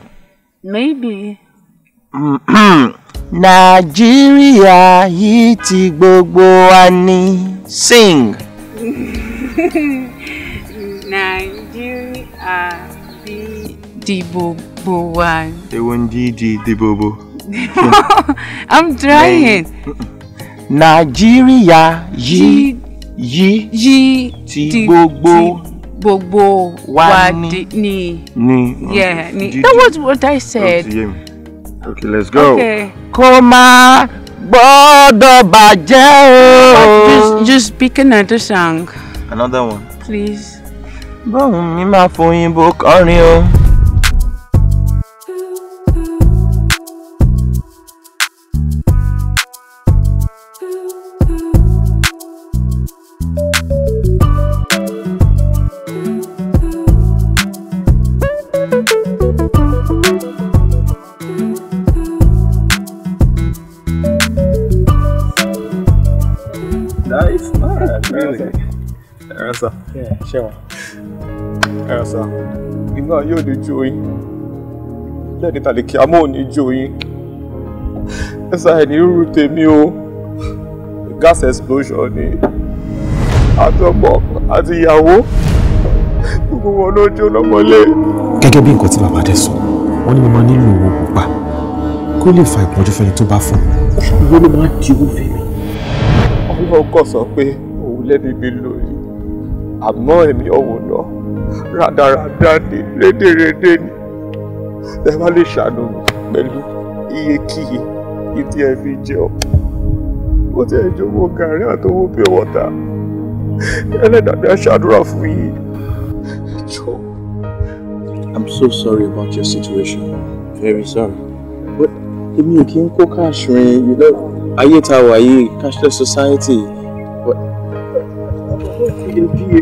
Maybe. Nigeria iti ti gbogbo Sing. nàìjíríà bí. dìbò bò wá. èwo ń di di dìbò bò. i'm trying. Nigeria, yìí yìí yìí ti gbogbo gbogbo wa ni ni yeah ni that was what I said. okay let's go. okay Koma, máa bàjẹ́ just just pick another song. another one. please bọ́ọ̀n mi máa foyìnbó kọrin really. Yeah, sure. ẹ̀rọ sà iná yóò ní jó yín lẹ́ẹ̀ni tàlẹ́kì àmọ́ ò ní jó yín ẹ sá ẹ̀ ní rúru tèmi o gas explosion ni àtọmọ àti ìyàwó gbogbo wọn ló jó lọmọlé. gẹ́gẹ́ bí nǹkan tí bàbá dẹ̀ sọ wọ́n ní mo máa nílò owó pupa kó lè fa ìpọ́njú fẹ́ni tó bá fún mi. ìwé ló máa ń di owó fẹ́mi. ọlọ́kọ̀ sọ pé òun lẹ́nu ibi lórí àmọ́ èmi ọ̀wọ̀ náà rádaràdá ni rédèrèdè ni ẹ bá lè ṣàánú mi pẹ̀lú iyekíye ìdí ẹ fi jẹ ọ ó ti ẹ jọ̀wọ́ gàrí àtọwọ́ bí ọwọ́ ta ẹlẹ́dàdà ṣàdúrà fún yìí. jọ. I'm so sorry about your situation. Very sorry. But èmi ò kí ń kó cash rin you know ayé ta wà yìí cashless society. But. ó ti yẹ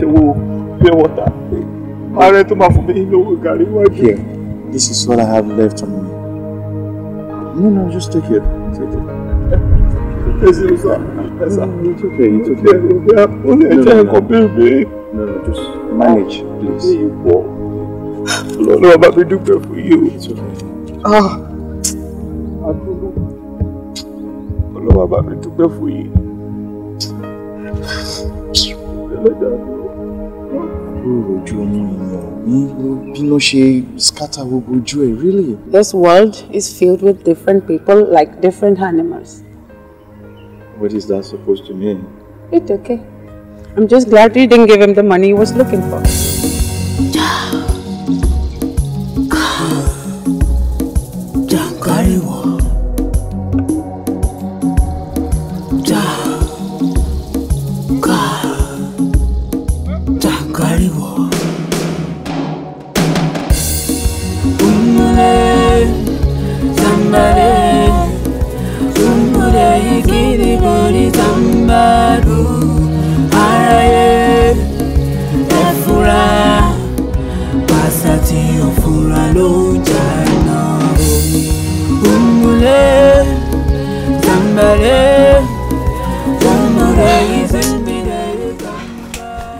kí ó pure water. Ààrẹ tó máa fún Here, this is what I have left on me. No, no, just take it. Take it. Yes, sir. Yes, sir. No, it's okay, it's okay. Only a child can pay No, no, just manage, please. Lọ́nà ọba mi dúpẹ́ fún yìí o. It's okay. Ah! I'm Ọlọ́wọ́ ọba mi dúpẹ́ fún yìí. Ẹlẹ́dàá really. This world is filled with different people like different animals. What is that supposed to mean? It's okay. I'm just glad you didn't give him the money he was looking for.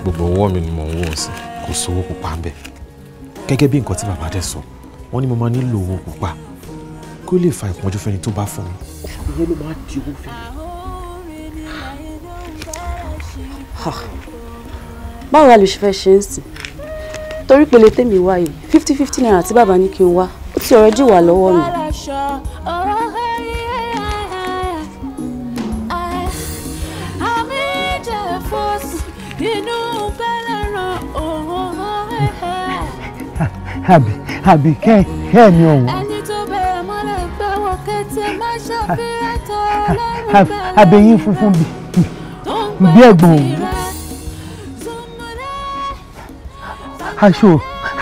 gbogbo ọwọ́ mi ni mò ń wọ̀ sí kò sówó pupa ń bẹ̀ gẹ́gẹ́ bí nǹkan tí bàbá dẹ̀ sọ wọ́n ní mo máa nílò owó pupa kó lè fa ìpọ́njú fẹ́ni tó bá fún mi. ìyẹn ló máa di owó fún báwo la lè ṣe fẹ́ ṣe ń sìn torí pé lè tèmi wá fifty fifty naira tí bàbá ní kí n wá ó ti ọ̀rẹ́jì wà lọ́wọ́ mi. àbí àbí kẹ́ ẹ̀ ní ọ̀hún. ẹni tó bẹ̀rẹ̀ mọ́lẹ̀ pé wọ́n kété má ṣàfihàn tó lẹ́rù bẹ̀rẹ̀. abẹ́yín funfun bí ẹ̀gbọ́n òun. aṣọ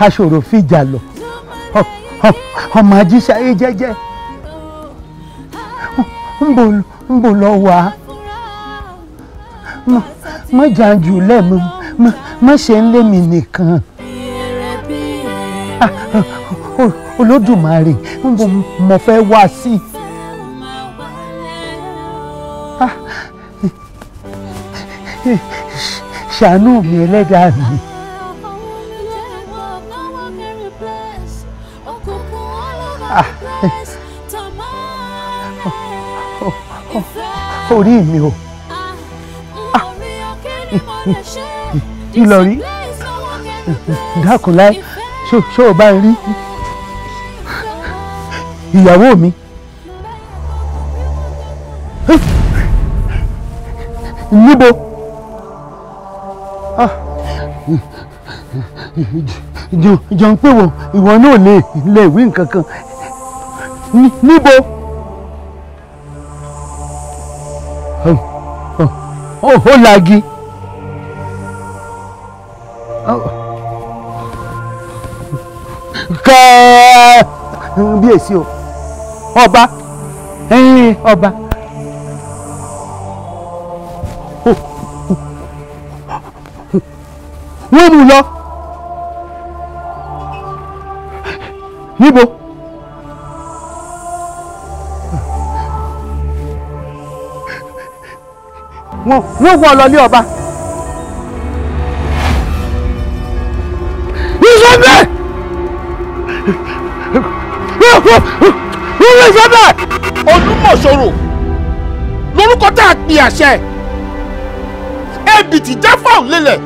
aṣọ òrò fìjà lọ ọmọ ajíṣayé jẹ́jẹ́ ń bò lọ wá mọ jàǹjù lẹ́ẹ̀mọ́ mọ ṣe ń lé mi nìkan. Ah, olódùmarè mo fẹ́ wá sí i ah, ṣàánú mi ẹlẹ́dàá mi. Ah, orí mi o kí ló rí dákun láì ṣó o bá rí ìyàwó mi níbo ah. jọ̀ọ́ pé wọ ìwọ náà lè lè wí nǹkan kan níbo oh, lagi. Oh kẹ́ẹ́ bí èsì o ọba ọba wọ́n mú lọ níbo. wọ́n wọ́n lọ ní ọba. ìṣẹ́ wíwí ìfẹ́bẹ̀ olúmọ̀ṣòro lórúkọ tá a pè àṣẹ ẹbìtì jáfọ̀n lélẹ̀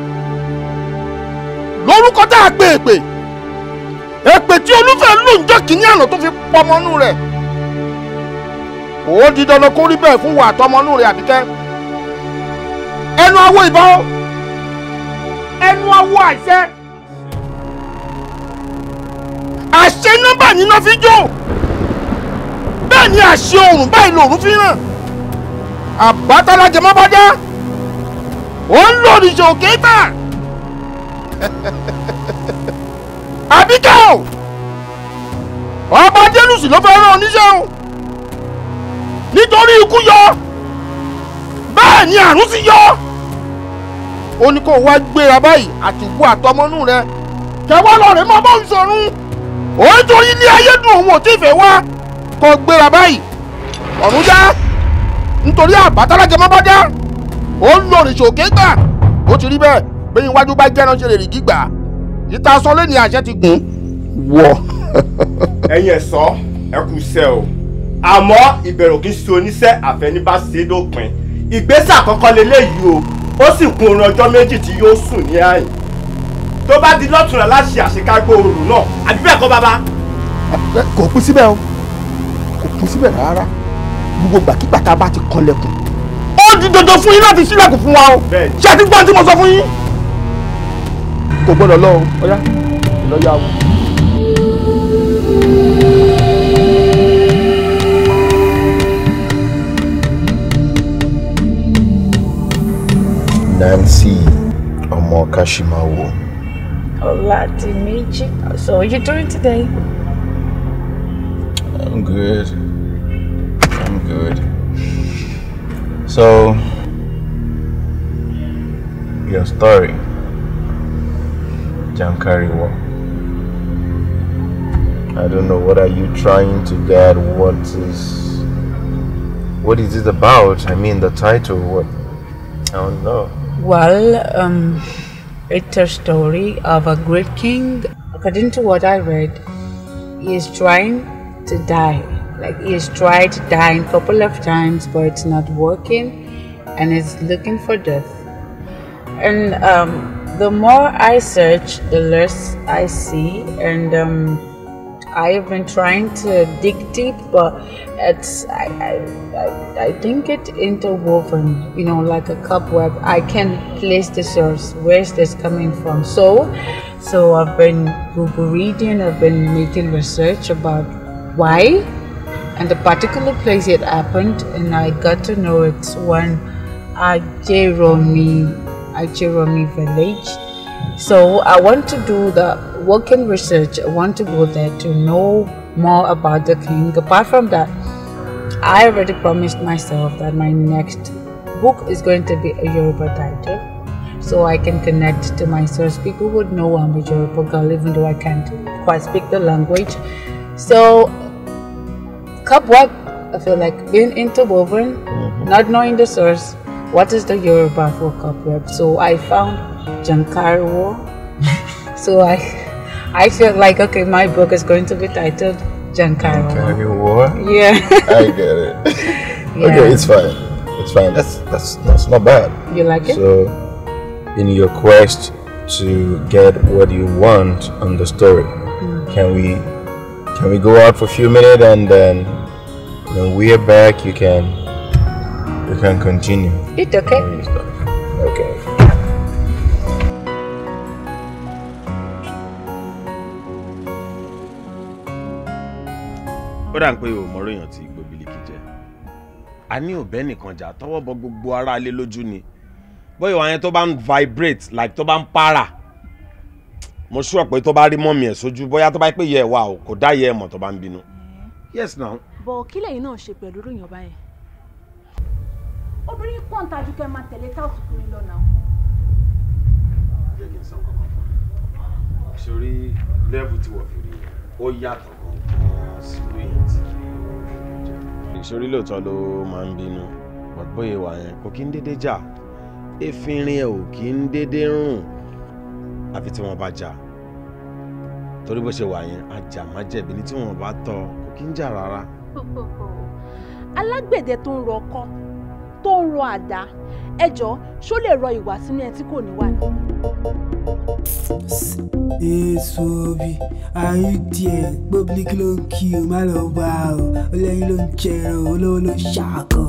lórúkọ tá a pè èpè èpè tí olúfẹ́ lù ń jọ kìíní àná tó fi pọmọnú rẹ̀ ó di dandan kó rí bẹ́ẹ̀ fún wa àtọmọnú rẹ̀ àbíkẹ́ ẹnu awo ìbọn ẹnu awo àṣẹ àṣẹ nọ́mbà ní iná fi jó bẹ́ẹ̀ ni àṣẹ òrùn báyìí lòrùn fi hàn àbátalájẹ má bá dá ó ń lòrìṣà òkè tà àbíkẹ́ o ọba jẹ́lùsì ló fẹ́ rán oníṣẹ́ o nítorí ikú yọ bẹ́ẹ̀ ni àrùn sì yọ ó ní kó wá gbéra báyìí àtìwú àtọmọ́nú rẹ kẹwàá lọ rẹ mọ́ bọ́ ń sọ̀rùn òun torí ní ayédùn òun ò tí ì fẹ́ wá kó gbéra báyìí ọ̀run já nítorí àbátálájẹ má bá dá ó ń lò rìṣò kéńgbà ó ti rí bẹ́ẹ̀ bẹ́yìn iwájú bá jẹ́ ránṣẹ́ lè rí gígbà ìta sọ lé ní àṣẹ ti gùn wọ. ẹ̀yin ẹ̀sọ́ ẹ kù sẹ́ o àmọ́ ìbẹ̀rù kì í ṣe oníṣẹ́ àfẹnibáṣe lópin ìgbésẹ̀ àkọ́kọ́ lélẹ́yìí o ó sì kún orun ọjọ́ méjì tí yóò sùn ní àyìn tó bá di lọ́tùnrà láṣẹ àṣekágbó oòrùn náà àbí bẹ́ẹ̀ kọ́ bàbá. kò kú síbẹ̀ o kò kú síbẹ̀ rárá gbogbo gbàkígbà tá a bá ti kọlẹ̀kùn ó di dandan fún yín láti sílẹ̀kùn fún wa o ṣé àti gbọ́n tí mo sọ fún yín. kò gbọ́dọ̀ lọ o ọ̀yá ìlọ́yà o. Nancy ọmọ Kashimawo. Oladimiji. So, what are you doing today? I'm good. I'm good. So, your story, War. I don't know. What are you trying to get? What is? What is it about? I mean, the title. What? I don't know. Well, um. It's a story of a great king, according to what I read, he is trying to die. Like he has tried dying a couple of times, but it's not working and he's looking for death. And um, the more I search, the less I see. And um, I've been trying to dig deep, but it's I, I, I think it's interwoven, you know, like a cobweb. I can't place the source. Where's this coming from? So, so I've been Google reading. I've been making research about why and the particular place it happened, and I got to know it's one Ajeromi Ajeromi village. So I want to do the working research want to go there to know more about the king. Apart from that, I already promised myself that my next book is going to be a Yoruba title so I can connect to my source. People would know I'm a Yoruba girl even though I can't quite speak the language. So, Kapwak, I feel like being interwoven, mm-hmm. not knowing the source, what is the Yoruba for Kapwak? So I found Jankarwo. so I I feel like, okay, my book is going to be titled Giancarlo. Giancarlo War? Yeah. I get it. Yeah. Okay, it's fine. It's fine. That's, that's, that's not bad. You like it? So, in your quest to get what you want on the story, mm. can we can we go out for a few minutes and then when we're back you can you can continue. It's okay. Okay. ó dà ń pé òmòrò èèyàn ti gbó bílíkì jẹ a ní òbẹ́ nìkan jà tọwọ́ bọ gbogbo ara lé lójú ni bóyá ìwà yẹn tó bá ń vibrate like tó bá ń para mo sure pé tó bá rí mọ́mì ẹ̀ sójú bóyá tó bá pé yẹ wà o kò dá yẹ ẹ̀ mọ̀ tó bá ń bínú yes now. bọ̀ kí lẹ́yìn náà ṣe pẹ̀lú ròyìn ọba yẹn. obìnrin kọ́ńtà ju kẹ́ máa tẹ̀lé táwọn kiri lọ náà. jẹ́ kí n sọ kankan fún lẹ́ẹ̀bù tí wọ́n fi rí ó yàtọ̀ ìsorí lóòótọ́ ló máa ń bínú pọ̀pọ̀ ìwà yẹn kò kí ń dédé jà efinrin ẹ̀ ò kí ń dédé rùn àfi tí wọ́n bá jà torí bó ṣe wà yẹn ajá má jẹ̀bi ní tí wọ́n bá tọ́ kò kí ń jà rárá. alágbẹ̀dẹ tó ń rọ ọkọ tó ń rọ àdá ẹjọ́ ṣó lè rọ ìwà sínú ẹ tí kò ní wà ní èso òbí àìdí ẹ̀ gbóbílíkì ló ń kí o má lọ wá o olóyin ló ń jẹrọ olówó ló ń ṣàkọ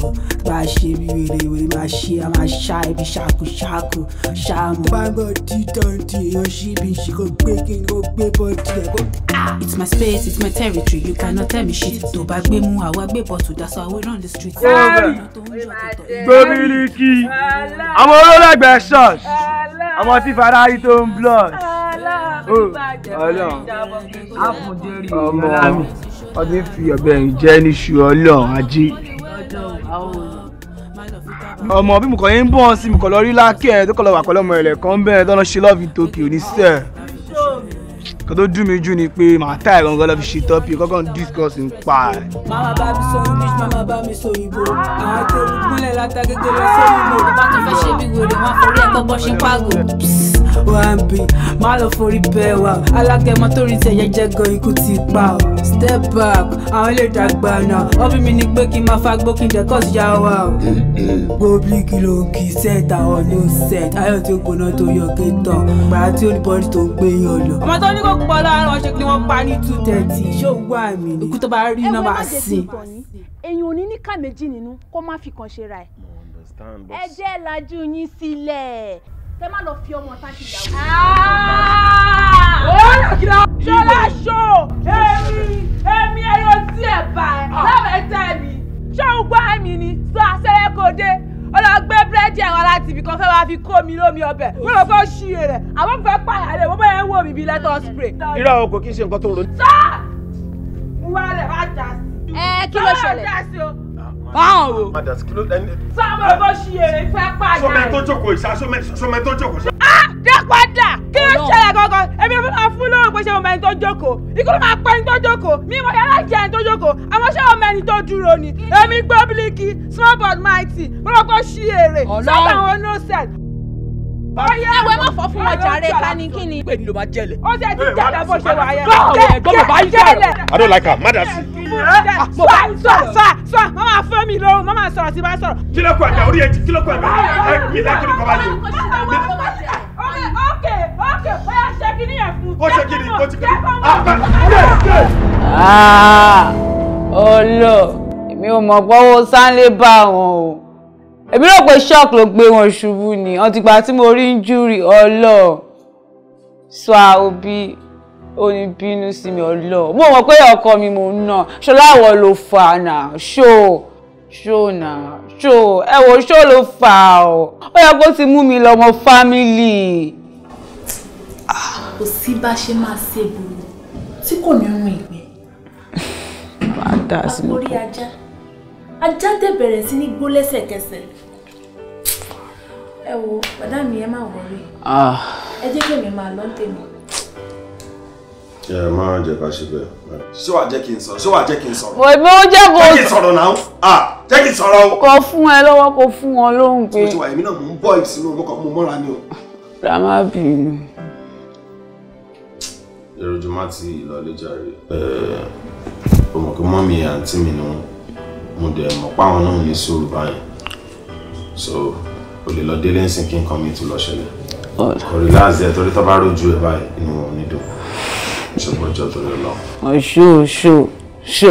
bá a ṣe bí wèrè wèrè máa ṣe a máa ṣá ibi ṣàkóṣàkó ṣàmù. báńgò dídán di èèyàn ṣí ibi ìṣe kò gbé kí ni kò gbé bọ́ọ̀dì ẹ̀ kó. Ah, it's my space, it's my territory, you cannot tell me shit. Tó bá gbé mu àwa gbé bọ̀tù, that's why we run the street. Gómìnà tó ń yọ tètè. Gbóbílíkì, àwọn olólùgbé ṣọ́ọ̀ṣì ọmọ tí Ferrari tó ń blood. Ọlọ́run àfùdérí ọmọ ọdún fi ọbẹ̀ yìí jẹ́ níṣu Ọlọ́run ajé. ọmọ bí mo kàn yín bọ́ sí mi kàn lọ rí lákẹ́ tó kàn lọ wà pẹ̀lú ọmọ ẹ̀rẹ̀ kan bẹ́ẹ̀ tó lọ ṣe lọ́ọ̀fì Tokyo ní sẹ́ẹ̀ kan tó dùn mí jù ni pé màá tá ẹ̀rọ ńgọ́ lọ́ fi ṣe tọ́pì kọ́kọ́ ń discuss ń pa ẹ̀. máa bá mi sọ máa bá mi sọ òyìnbó àwọn akéwì gúnlẹ̀ látàgége lọ sí òyìnbó. bàbá tó fẹ́ ṣe bí wèrè wọn forí ẹ̀kọ́ bọ́ ṣe ń pàgò. OMB má lọ forí bẹ́ẹ̀ wá alágẹmọ tó rí tẹ̀yẹ jẹ́gàn ikú ti pa ọ́ step back àwọn ilé ìdàgbà náà ọ́bí mi ni pé kí n máa fagbó kí n dẹ̀ kọ́ọ̀sì yá wa o. gbóbli kí ló ń kí set àwọn ló set ayọ̀ tí ó gbóná tó yọ kétọ̀ gbàrà tí ó ní bọ́ọ̀lì tó ń gbé yan lọ. ọmọ tó ní kò pọ̀ láàárọ̀ ṣe kí wọ́n pa ní two thirty ṣó wà mí ikú tó bá rí nọ́mbà sí. èèyàn ò ní ní ká méjì nínú kó má fi kàn ṣe ra ẹ̀ ẹ jẹ́ lajú yín sílẹ̀ tẹ má lọ fi ọmọ ta kiri àwọn. ó yà kí lọ. ṣọlá ṣó èmi èmi ẹyọ tí ẹ bá ẹ ah. lábẹ́ tẹ́ mi. ṣé o gbọ́ àmì ni sọ àṣẹlẹ̀ kò dé ọlọgbẹ búrẹ́dì ẹ̀wọ̀n láti ibì kan fẹ́ wá fi kó mi lómi ọbẹ̀ wọ́n lọ fẹ́ ṣí rẹ̀ àwọn fẹ́ pààyà rẹ̀ wọ́n bẹ́ẹ̀ wò mí bíi lẹ́tọ̀ mm. spray. irọ́ o kò kí n ṣe nǹkan tó ń ro. sọ́ọ̀ wọ́n rẹ̀ wá jà sí. Eh, ẹ báwo. madam kí ló ẹni. sọ́mọ bó ṣe èrè fẹ́ pàdé. sọmọ tó jókòó ìṣá sọmọ tó jókòó ìṣá. a ah, dẹ́kun dà kí ló ṣẹlẹ̀ gangan èmi ló máa fún lóòrùn pé ṣé ọmọ ẹni tó jókòó ikú ló máa pẹ́ ẹni tó jókòó mi mọ̀ yàrá jẹ́ ẹni tó jókòó àmọ́ ṣé ọmọ ẹni tó dúró ni èmi gbóbílíkì small but mighty mo rò pé ó ṣí èrè sọ́mọ àwọn nonsense. I don't like her matters. Ah, sọ sọ sọ sọ Mama, máa me, mi Mama, má máa sọ̀rọ̀ sí bá sọ̀rọ̀. kílókù àgbà orí ẹjì kílókù àgbà ẹ mi láì kílókù àgbà yìí. ókè ókè ó yà ṣe kí nìyẹn fún. ó ṣe kí ni ó ti kí ni. olóò ah, ah, oh èmi ò mọ̀ gbọ́wọ́ sáńlé bá wọn o èmi rò pé shock ló gbé wọn ṣubú ni ọtìgbà tí mo rí injury ọlọ sọ òbí ó ní bínú sí mi ọlọ mo mọ̀ pé ọkọ mi mò ń nà ṣọlá àwọ ló fà nà ṣó ṣó nà ṣó ẹ wo ṣó ló fà ọ ó yẹ kó ti mú mi lọmọ fámìlì. kò sí bá ṣe máa ṣe burú tí kò ní rún ìgbẹ́. máa dà sínú kó. àkórí ajá ajá tẹ̀ bẹ̀rẹ̀ sí ní gbó lẹ́sẹ̀kẹsẹ̀ ẹ wo bàdá mi ẹ má wọrí ah. ẹ jẹ́ kí èmi máa lọ tèmi. ẹ máa jẹ ká ṣe bẹ́ẹ̀. ṣé wàá jẹ́ kí n sọ̀rọ̀ ṣé wàá jẹ́ kí n sọ̀rọ̀. bò ìbí ó jẹ́ bò. jẹ́ kí n sọ̀rọ̀ náà ah jẹ́ kí n sọ̀rọ̀ o. kò fún ẹ lọ́wọ́ kò fún wọn lóhùn pé. mo ti wà èmi náà mò ń bọ̀ ìsinú mo kàn mú mọ́ra ni o. ramabinu èròjọ má ti ìlọlé jàre ọmọ kí mọ́mí àǹtí mi ni wọ́n mo dẹ̀ mọ̀ páwọn náà ní sùúrù báyìí so o lè lọ délé ń sìn kí nǹkan mi tún lọ ṣẹlẹ̀ kò rí láàzẹ torí tó bá rójú ẹ báyìí inú wọn ní dùn ṣùgbọ́n ọjọ́ torí lọ. ṣó ṣó ṣó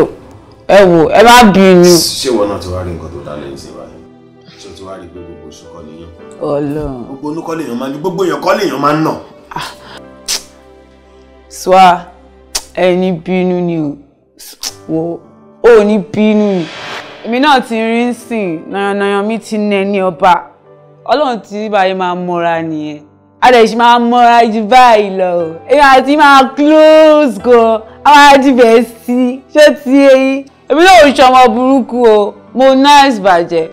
ẹ wo ẹ bá bí mi. ṣé wọn náà ti wá rí nǹkan tó dá lẹ́yìn sí báyìí ṣé o ti wá rí pé gbogbo oṣù kọ́ lèèyàn. Ọlọ́run gbogbo onú kọ́ lèèyàn máa ń gbogbo èèyàn kọ́ lèèyàn máa ń nà. Ah. swa ẹni bínú ni o ò ní bínú ni èmi náà ti rí ń sìn nayannayan mi ti nẹ ní ọba ọlọ́run ti rí báyìí máa mọ́ra nìyẹn adẹ̀sí máa mọ́ra jù báyìí lọ èmi àti máa close go. àwọn adìbẹ̀ sí ṣé ti eyín èmi náà ò ṣe ọmọ burúkú o mo nice bàjẹ́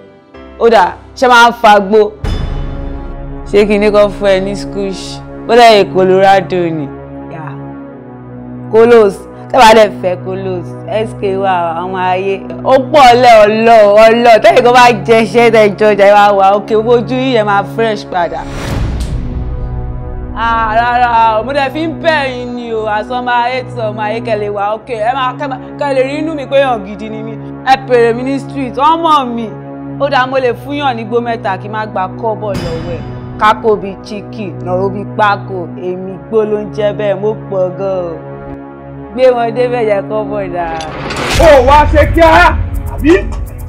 ó dà ṣe máa ń fagbó ṣé kí ni kò fún ẹ ní skush bọ́dà èkó lórádò ni kólóòsì tẹ́wàlẹ̀ fẹ́ kolos sk wa àwọn ayé ó pọ̀ ọlẹ́ ọlọ́ ọlọ́ tẹ́yìn kan bá jẹ iṣẹ́ tẹ́ jọjà ìwà wà òkè owó ojú yíyẹn máa fresh padà. rárá mo dẹ̀ fi ń bẹ̀yìn ni o àsọ máa ayé tí ọmọ ayé kẹlẹ̀ wà òkè ẹ máa kẹlẹ̀ rí inú mi pé yàn gidi ni mi ẹ pèrè mi ní street ọmọ mi ó dáa mo lè fúnyàn nígbó mẹ́ta kí n má gba kọ́bọ̀ lọ́wọ́ ẹ̀ kákó bíi chiki nọ̀rọ̀ bíi pákó èmi gbó ló ń jẹ́ bẹ́ẹ̀ mo pọ̀ gan-an gbé wọn débẹ̀ yẹ kọ́ bọ̀dà. ó wá ṣe kíá àbí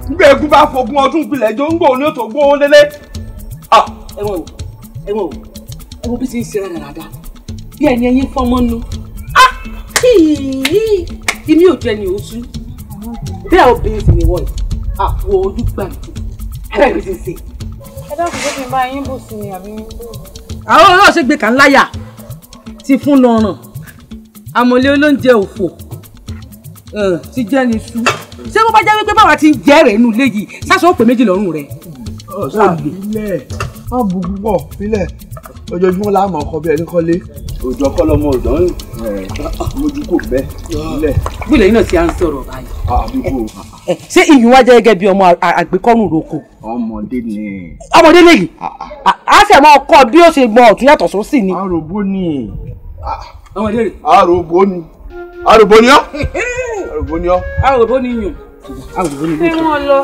nígbà egun bá fogun ọdún ìpìlẹ̀ jọ ń gbọ́ òun ní òtò gbó òun lélẹ̀. ẹ̀wọ̀n o ẹ̀wọ̀n o ẹ̀wọ̀n bí ti ń ṣe rẹ̀ ràdà bí ẹni ẹyin fọmọ nu. ìmí ò jẹ́ ni oṣù bẹ́ẹ̀ obìnrin sì ni wọ́n yìí àpò ojú gbà mí ẹ̀rẹ́ mi ti ṣe. ẹ dákun tó fi bá yín bù sí ni àbí yín bù. àwọn olóòṣègbè kan láyà ti fún lọ́rùn àmọ̀lé olóúnjẹ òfò ti jẹ́ ni sú ṣé bó bá jẹ́ wípé báwa ti ń jẹ́ rẹ̀ nù léyìí sásán òpè méjì lọ́rùn rẹ̀. ọ̀sán ìbílẹ̀ ọ̀ bu púpọ̀ bílẹ̀ ojoojúmọ́ la mọ̀ ọkọ bí ẹni kọ́lé òjò kọ́lọ́mọ òjò ń mójú kò bẹ́ bílẹ̀. bílẹ̀ yìí náà ti à ń sọ̀rọ̀ báyìí. àdúgbò. ṣé ìyún wa jẹ́ gẹ́gẹ́ bí ọmọ àgbékọ́rùn roko. ọmọdé ni. ọmọdé lèyí. a fẹ́ mọ ọkọ bí ó ṣe gbọ́ ọ̀tún yàtọ̀ sósì ni. àròbó ni ọmọ ìdérè. arògbó ni arògbó ni ọ arògbó ni ọ. arògbó ni yàn arògbó ni yàn. ṣé wọn lọ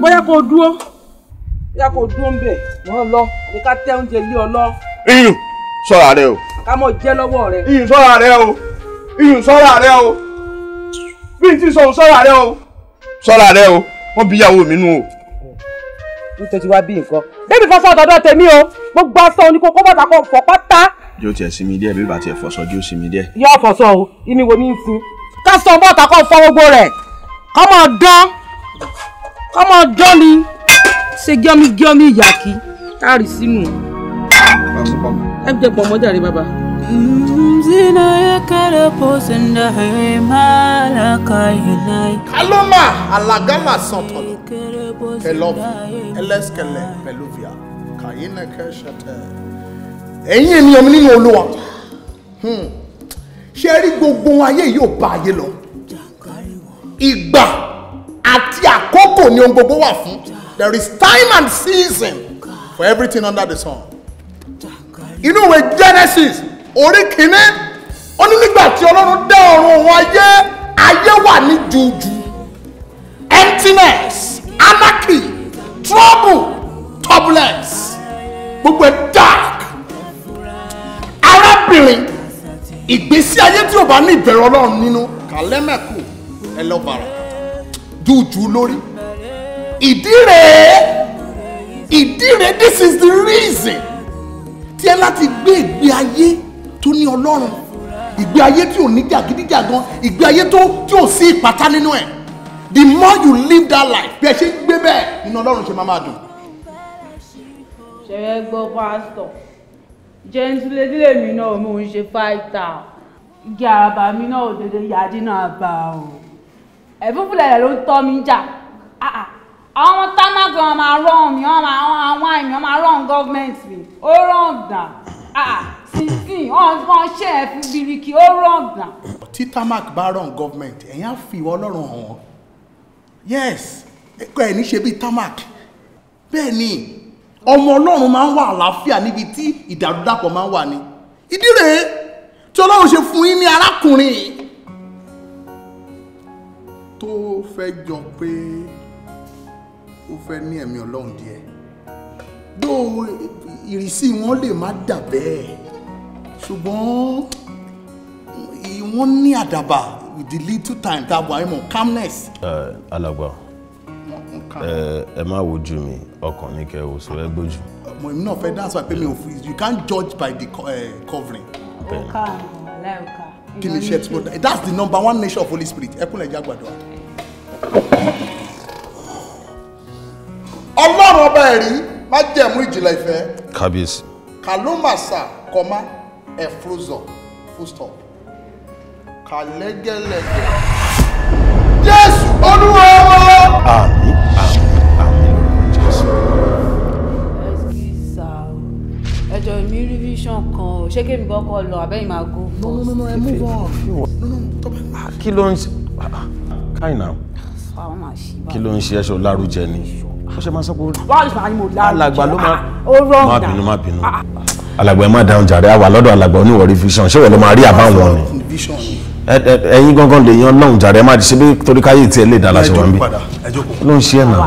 bóyá kó dúró bóyá kó dúró ń bẹ wọn lọ àbí ká tẹ oúnjẹ lé ọ lọ. iyùn ṣọ́ra rẹ o. ká mọ jẹ lọ́wọ́ rẹ. iyùn ṣọ́ra rẹ o iyùn ṣọ́ra rẹ o bí n ti sọ ṣọ́ra rẹ o ṣọ́ra rẹ o wọ́n bí ìyàwó mi nù o nítorí wá bí nǹkan. bébì kan sọ ọ̀dọ̀dọ̀ tèmi o gbogbo aṣọ oníkókó bàtà kan fọ̀ pátá yóò tiẹ̀ sinmi díẹ̀ bí bàtì ẹ̀fọ́sọ yóò sinmi díẹ̀. yóò fọṣọ o ìmí wo ni n sin ká bọ́ọ̀tà kó fọ gbogbo rẹ̀ kọ́ dán kọ́ dán ni ṣe gíọ́mí gíọ́mí ìyàkí káàrí sínú. ẹ jẹ pọ̀ mọ́jà rẹ bàbá. kálọ́mà alágàmà sọ̀tọ̀ kẹlọ́ọ̀fù ẹlẹ́sìkẹlẹ̀ pẹ̀lú fìyà kàyínà kẹ́sẹ̀tẹ̀ ẹ̀yin ènìyàn mi nínú olúwa hmm. ṣe rí gbogbo ayé yóò bá ayé lọ ìgbà àti àkókò ni ohun gbogbo wà fún there is time and season for everything under the sun inú ìwé Genesis orí kìíní ó ní nígbà tí ọlọ́run dá ọ̀run òun ayé ayé wà ní juju emptiness anarchy trouble turbulence gbogbo ẹ̀ dark arábìnrin ìgbésí ayé tí ò bá ní ìbẹ̀rù ọlọ́run nínú kàlẹ́mẹ̀kù ẹ lọ lórí ìdí rèé ìdí rèé this is the reason tí ẹ láti gbé ìgbé ayé tó ní ọlọ́run ìgbé ayé tí ò ní jàgídíjàgan ìgbé ayé tó tí ò sí ìpátá nínú ẹ the more you live that life bí ẹ ṣe ń gbé bẹ́ẹ̀ nínú ọlọ́run ṣe máa máa dùn. ṣe é gbọ́ pásítọ̀ jẹ́ntúlẹ́dí lèmi náà mò ń ṣe fáìtà igi àràbà mi náà ò dédé yájí náà bá o ẹ̀fúnfúnlẹ̀ ló ń tọ́ mi jà ah, ah. àwọn ọmọ támágì wọn máa rán mi wọn máa wọn àwọn àìmí wọn máa rán gọ́ọ̀mẹ̀ntì mi ó rán dà ah, sísìn wọn wọn ṣe ẹ̀ fún ó rán tí tamak bá rán gọ́ọ̀mẹ̀ntì ẹ̀yin á fi ìwọ ọlọ́run hàn wọ́n yes ẹ̀kọ́ ẹ̀ ní ṣe bíi tamak bẹ́ẹ̀ ni ọmọ ọlọ́run máa ń wà àlàáfíà níbi tí ìdàrúdàpọ̀ máa ń wà ní ìdí rèé tí ọlọ́run ṣe fún yín ní arákùnrin tó fẹ́ jọ pé ó fẹ́ ní ẹ̀mí ọlọ́run díẹ̀ dó ìrísí wọn lè má dà bẹ́ẹ̀ ṣùgbọ́n wọ́n ní àdàbà with the little time tá a wà á mọ̀ calmness. alàgbà. Uh, ẹ má wojú mi ọkàn ní kẹ o so ẹ gbójú. ọmọ èmi náà fẹ́ that's why pé mi ò fi you can't judge by the uh, covering. ọkà ọlẹ́ọ̀ká. kí ni iṣẹ́ tí mo dá that's the number one nation of Holy Spirit ẹ kúnlẹ̀ jẹ́ àgbàdo. ọlọ́run ọba ẹ̀rí má jẹ̀mú ìjìnlẹ̀ ìfẹ́. kábíyèsí. kàlómàṣà kọ́má ẹ̀fúrúzọ̀ fústọ̀ kàlẹ́gẹ́lẹ́gẹ́. jésù olúwa. Ah. ẹjọ mi rí vision kan o ṣé kémi kọ́kọ́ lọ abẹ́yìn máa go. no no no ẹ mú wọn no no tó ah, ah, ah, bá. kí ló ń ṣe káyìnà kí ló ń ṣe ẹṣọ lárújẹ ni ó ṣe máa sọ pé alàgbà ló máa má bínú má bínú alàgbà ẹ má dáhùn jàre àwa lọ́dọ̀ alàgbà oníwọ̀rí vision ṣé wọ́n ló máa rí àbáwọn ni ẹ̀yin gangan lè yan lọ́hùn jàre má di ṣe bí torí káyé tiẹ̀ lè dà láṣẹ wọn bí ló ń ṣe ẹ̀ náà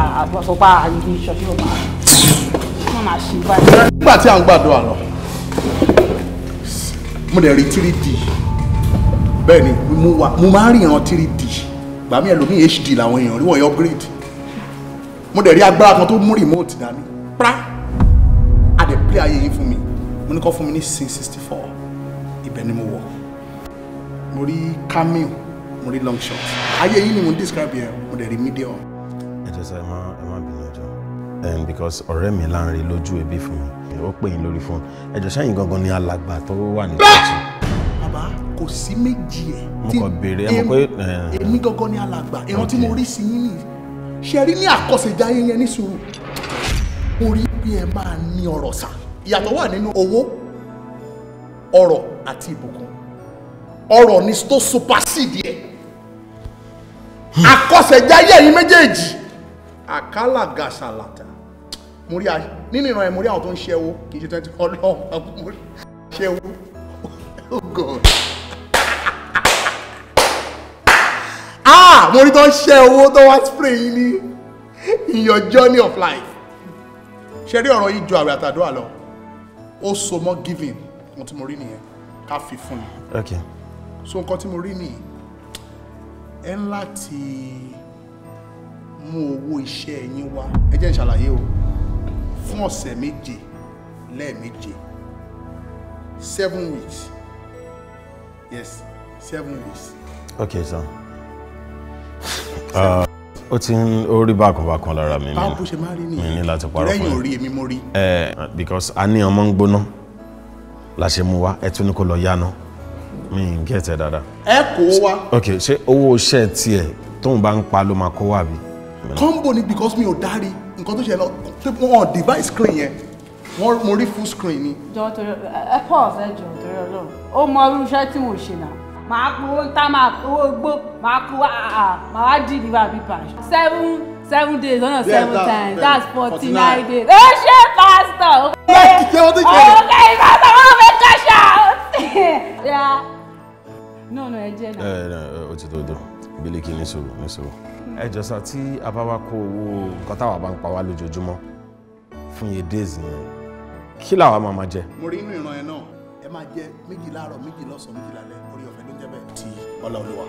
máa ṣe báyìí. nígbà tí à ń gbàdúrà lọ mo dẹ̀ rí 3D bẹ́ẹ̀ ni mo máa ń rí ìran 3D gbàmí ẹlòmíì HD làwọn èèyàn rí wọ́n yọ upgrade mo dẹ̀ rí agbára kan tó mú remote dání pra a dẹ̀ play ayé yìí fún mi mo ní kọ́ fún mi ní sin sixty four ibẹ̀ ni mo wọ̀ mo rí cameo mo rí long shot ayé yìí ni mo describe yẹn mo dẹ̀ rí medium. ẹ jẹ́ sẹ́yìn máa um, because ọ̀rẹ́ mi là lójú ebi fún mi ó pè yín lórí fóònù ẹjọ́ sẹ́yìn gangan ni alàgbà tó wà ní kóòtù. bàbá kò sí méjì ẹ̀. mo kàn béèrè ẹ mọ̀ pé. èmi gangan ni alàgbà ẹran tí mo rí sí yín nìyí ṣe rí ní àkọsẹ̀jáyé yẹn ní sùúrù mo rí bí ẹ máa ní ọ̀rọ̀ sà ìyàtọ̀ wà nínú owó ọ̀rọ̀ àti ìbùkún ọ̀rọ̀ ni tó supersede ẹ̀ hmm. àkọsẹ̀jáyé yìí méjèèjì àkálà gàṣàlàtà mo rí nínú ìran ẹ mo rí àwọn tó ń ṣẹ́wó kì í ṣe twenty ọlọ́run mo rí ṣẹ́wó oh god ah mo rí tó ń ṣẹ́ tó wá spray yín ní in your journey of life ṣe rí ọ̀rọ̀ yìí ju àwẹ̀ àtàdúrà lọ ó so mọ́ giving ohun tí mo rí nìyẹn ká fi fún ni so nǹkan tí mo rí nìyí ẹ ń láti mú owó iṣẹ́ yín wá ẹ jẹ́ n ṣàlàyé o fún ọ̀sẹ̀ méje lẹ́ẹ̀méje seven weeks yes seven weeks. okay sir. Uh ó ti ń ó rí bákan bákan lára mi mi ní láti parọ́ fún mi eh, because a ní ọmọ ń gbóná la ṣe mú wa ẹ tún ní kó lọ yáná mi ń gẹ̀ẹ́tẹ̀ dáadáa. ẹ kò wá. ok ṣé owó iṣẹ́ tiẹ̀ tóun bá ń pa ló máa kó wá bí combo ni because mi ò dárí nǹkan tó ṣe lọ wọn ò device screen yẹn wọn mo rí full screen ni. jọ torí ẹ pause ẹ jọ torí Ọlọ́run ó mọ irú iṣẹ́ tí mo ṣe náà màá kú owó ńta màá kú owó gbó màá kú àà màá wá dì nígbà bíbà seven seven days lọ́nà seven times that's forty nine days ó pastor. Okay, òkè òkè ìfásitọ̀ wọn fẹ́ kọ́ṣà ó Yeah. no no ẹ jẹ́ náà. ẹ ẹ o ti tó dùn bílíkì ní sòrò ní sòrò ẹ jọ sá tí a bá wá kó owó nǹkan táwa bá ń pa wá lójoojúmọ́ fún iye days yẹn kí làwa máa máa jẹ. mo rí inú ìran ẹ náà ẹ máa jẹ méjì láàárọ̀ méjì lọ́sànán méjì lálẹ́ orí ọ̀fẹ́ ló ń jẹ bẹ́ẹ̀ ti ọlọlọwà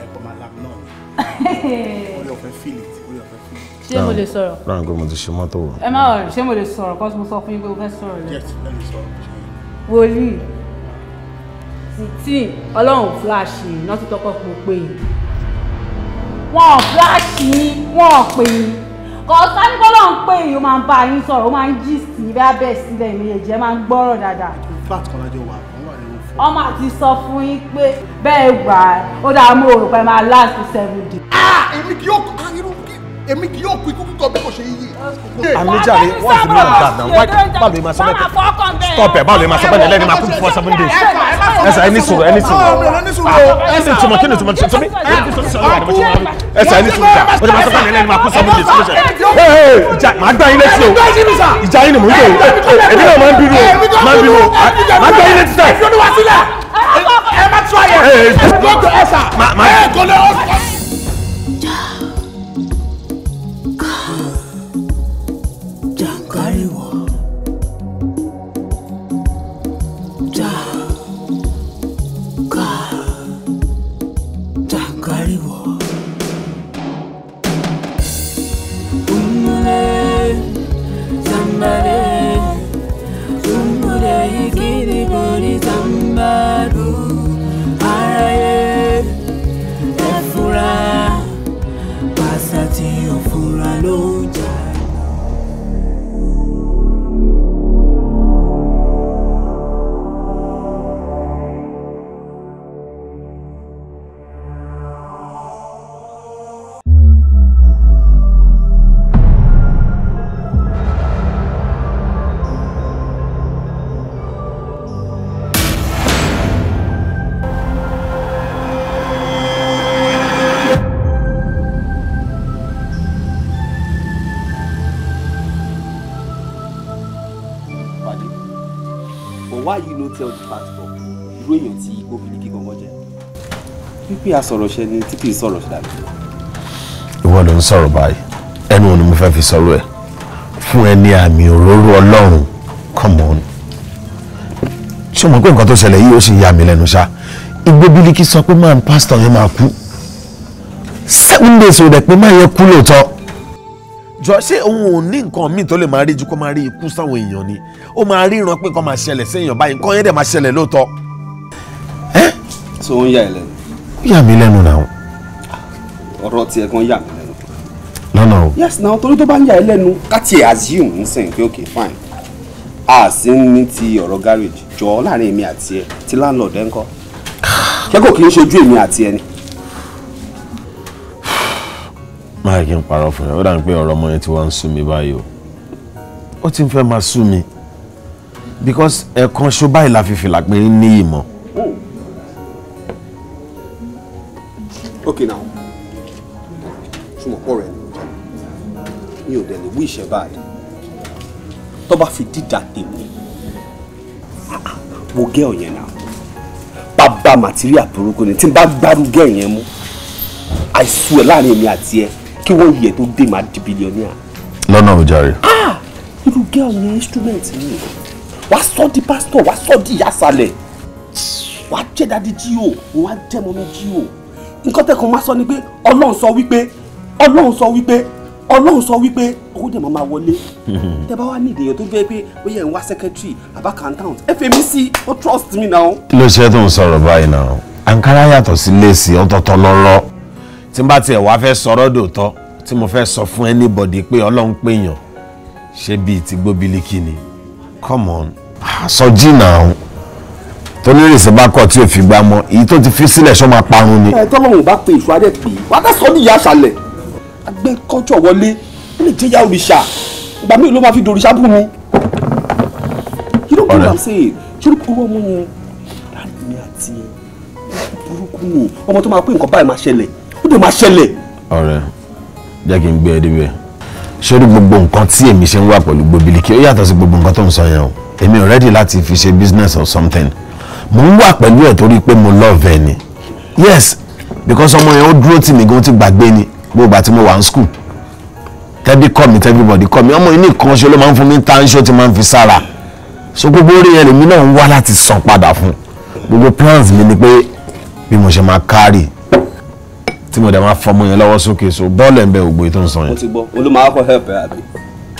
ẹ pọ máa lápú náà orí ọ̀fẹ́ feel it orí ọ̀fẹ́ feel it. ṣé mo lè sọ̀rọ̀. láàrin gbé mo ti ṣe mọ́tò. ẹ má ọ̀rọ̀ ṣé mo lè sọ̀rọ̀ kọ́sí mo sọ fún yín pé mo fẹ́ sọ̀rọ̀ lẹ́yìn. yes lẹ́nu sọ̀rọ̀ wòlíì sixteen ọlọ́run fúláṣì náà tó tọ́kọ̀ fún un pé yìí wọn ò fúláṣì yín wọn ò pè yín kò sáníkọ́lọ́ ń pè yín ó máa ń bá yín sọ̀rọ̀ ó máa ń jí sí i bá bẹ́ẹ̀ sílẹ̀ ìrìn ẹ̀jẹ̀ máa ń gbọ́rọ̀ dáadáa. flat kan lájọ wà fún wà lórí fún. ọmọ àti sọ fún yín pé bẹ́ẹ̀ wà ó dáa mú òrùka máa last seven days. ah èmi kì yóò kọ́ ah, irú èmi kì yóò kú ikú kíkọ bí kò ṣe yíyí. àmì wọ́n ti mílíọ̀nù gbà náà wáyé báwo lè máa sọ́bẹ̀ tẹ̀ stop ẹ̀ báwo lè máa sọ́bẹ̀ tẹ̀ lẹ́ni máa kú for seven days. ẹsẹ̀ ẹni sùúrù ẹni sùúrù ẹni tùmọ̀ kí ni tùmọ̀ tùmọ̀ mi ẹsẹ̀ ẹni sùúrù jà ó ti máa sọ́bẹ̀ tẹ̀ lẹ́ni máa kú seven days lóṣẹ̀. ìjà màá gbá yín létí o ìjà yín ni mò ń tẹ̀ o èmi náà máa ń bínú o máa ń bínú o màá gbá yín létí sẹ́ẹ̀. ẹ má tún àyẹ̀ ẹ gbọ́dọ̀ ẹ sà ẹ gọlẹ́ ọ̀sán. asọ̀rọ̀ ṣe ni tí kì í sọ̀rọ̀ ṣe dàbí. ìwọ ló ń sọ̀rọ̀ báyìí ẹnu òun ni mo fẹ́ fi sọ̀rọ̀ ẹ̀ fún ẹni àmì òróró ọlọ́run come on ṣé o mọ̀ pé nǹkan tó ṣẹlẹ̀ yìí ó sì yà mí lẹ́nu ṣá igbó bílíkì sọ pé máa ń pásítọ̀ yẹn máa kú seven days ò dẹ̀ pé máa yẹ kú lóòótọ́ jọ ṣé òun ò ní nǹkan míì tó lè máa rí ju kó máa rí ikú sáwọn èèyàn ni ó máa rí ìran pé nǹkan máa ṣẹlẹ̀ sí èèyàn báyìí nǹkan yẹn dẹ̀ máa ṣẹlẹ̀ lóòótọ́. ẹ. so ó yà ẹ lẹ́nu yà mí lẹ́nu náà. ọ̀rọ̀ tiẹ̀ gan yà mí lẹ́nu. lọ́nà o. yes náà torí tó bá ń yà ẹ́ lẹ́nu ká tiẹ̀ assume ń sìn pé okay fine a sì ń ní ti ọ̀rọ̀ garage jọ láàrin èmi àti ẹ ti landlord ẹ ń kọ́ ṣé kò kí n ṣojú èmi àti ẹ ni. máa kí n parọ́ fún ẹ ó dàbí pé ọ̀rọ̀ ọmọ yẹn ti ń sú mi báyìí o ó ti ń fẹ́ máa sú mi because ẹ̀ẹ̀kan ṣó báyìí la fi fìlà pé ń ní okay now sumo pọ̀ rẹ̀ mi ò dẹ̀ lè wí ìṣẹ́ báyìí tó bá fi dídà tèmi mo gẹ́ ọ̀yẹn náà bàbá màtíríà burúkú ni tí n bá gbárù gẹ́ ìyẹn mú àìsù ẹ̀ láàrin èmi àti ẹ kí wọ́n yẹ tó dé máa di bílíọ̀nìà. lọ́nà òjàre. Ah! irú gẹ́ ọ̀yẹn instrument mi wàá sọ di pásítọ̀ wàá sọ di ìyá sálẹ̀ wàá jẹ́ dadi o wàá jẹ́ mọ́mí jí o nǹkan tẹ̀kọ̀ máa sọ ni pé ọlọ́run sọ wípé ọlọ́run sọ wípé ọlọ́run sọ wípé owó dẹ̀ máa wọlé tẹ bá wà ní ìdèyàn tó fẹ́ pé ó yẹ ń wá secretary àbá accountant ẹ fẹ́ mi sí ó trust me now. kí ló ṣe tó ń sọ̀rọ̀ báyìí náà àǹkárá yàtọ̀ sí léèsì ọ̀tọ̀ọ̀tọ̀ lọ́rọ́ tí n bá tiẹ̀ wá fẹ́ sọ̀rọ̀ dòótọ́ tí mo fẹ́ sọ fún anybody pé ọlọ́run péyàn ṣé bíi ti gbóbiliki ni come on sọ jí náà tónírèsè bá kọ̀ tí ò fi gbá mọ́ èyí tó ti fi sílẹ̀ ṣọ́ máa parun ni. ẹ tọ́lọ́run bá pe ìṣó adé pè é wàá dásọ ní ìyá àṣàlẹ̀ agbẹ́kọ́jọ́ wọlé ó lè jẹ́ ìyá òrìṣà ìgbà míì ló máa fi dòrìṣà bù mi. you know what i'm saying ṣúrù kúrú ọmọ yẹn láàrin àti ẹ burúkú ni ọmọ tó máa pé nǹkan báyìí máa ṣẹlẹ̀ ó dẹ̀ máa ṣẹlẹ̀. ọ̀rẹ́ jẹ́ kí n gbé ẹ débẹ̀ ṣórí gbogbo nǹkan tí èmi ṣe ń wà pẹ̀lú gbòbìlì kí ó yàtọ̀ sí gbogbo nǹkan tó ń sọ yẹn o èmi ò rẹ́dì láti fi ṣe business or something mo ń wà pẹ̀lú ẹ̀ torí pé mo love ẹ ni yes because ọmọ yẹn ó dúró tì mí gan ti gbàgbé ni gbogbo àti mo wà ní school tẹ́bí kọ́ mi tẹ́bíbọ̀dì kọ́ mi ọmọ yìí nìkan ṣe ló máa ń fún mi tánṣó tí máa ń fi sára so gbogbo orí yẹn lèmi náà ń wá láti san padà fún gbogbo plans mi ni pé bí mo ṣe máa kárì tí mo dẹ̀ máa fọmọ yẹn lọ́wọ́ sókè so bọ́ọ̀lù ẹ̀ ń bẹ ògbó yìí tó ń san yẹn. mo ti gbọ́ olú máa kọ́ help ẹ àbí.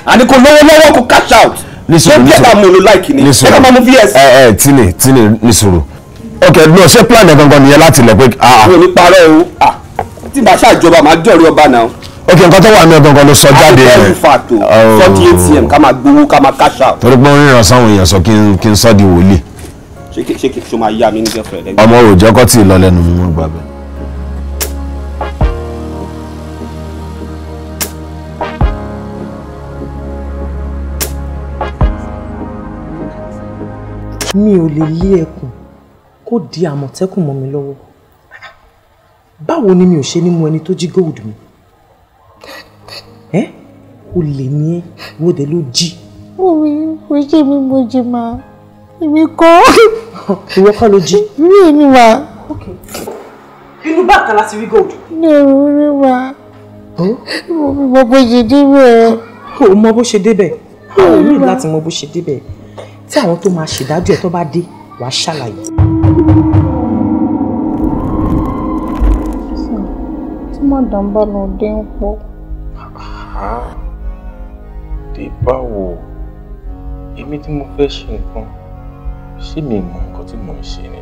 àdìkò lówó lọ́wọ́ kó cash out nisoro nisoro ẹ ẹ tini tini nisoro ok no ṣé plan ẹ gangan nìyẹn láti lẹ pé. Ah, ah. mi ò ní parọ́ o ah, tí bá ṣàjọba máa dọ̀rọ̀ ọba náà. ok nǹkan tó wà ní ọgbọ̀ngàn ló sọ jáde rẹ. àdìpẹ́ ìfàtò forty atm oh. ká máa gbowó ká máa cash out. torí pé wọ́n ríran sáwọn èèyàn sọ kí n sọ́ di wòlíì. ṣé kí ṣé kí ṣó máa yá mi ní girlfriend. ọmọ òòjọ́ kọ́ tí ì lọ lẹ́nu mú gbàgbé. mi ò lè lé ẹkùn kó di àmọ̀tẹ́kùn mọ́ mi lọ́wọ́ báwo ni mi ò ṣe ní mú ẹni tó jí gold mi ẹ o lè ní ẹ ìwọ dẹ ló jí. omi mo ṣe mi mo jí máa èmi kọ́. ìwọ kọ́ ló jí. mi ò ní wa. inú bàtà la rí gold. mi ò rí wa hm? mo mọ bó ṣe débẹ̀. o mọ bó ṣe débẹ̀ o nílò láti mọ bó ṣe débẹ̀ tí àwọn tó máa ṣèdájọ́ ẹ̀ tó bá dé wàá ṣàlàyé. tí madam bá lọ dé ń pọ̀. dé báwo èmi tí mo fẹ́ ṣe nǹkan ṣé mi mọ nǹkan tí mò ń ṣe ni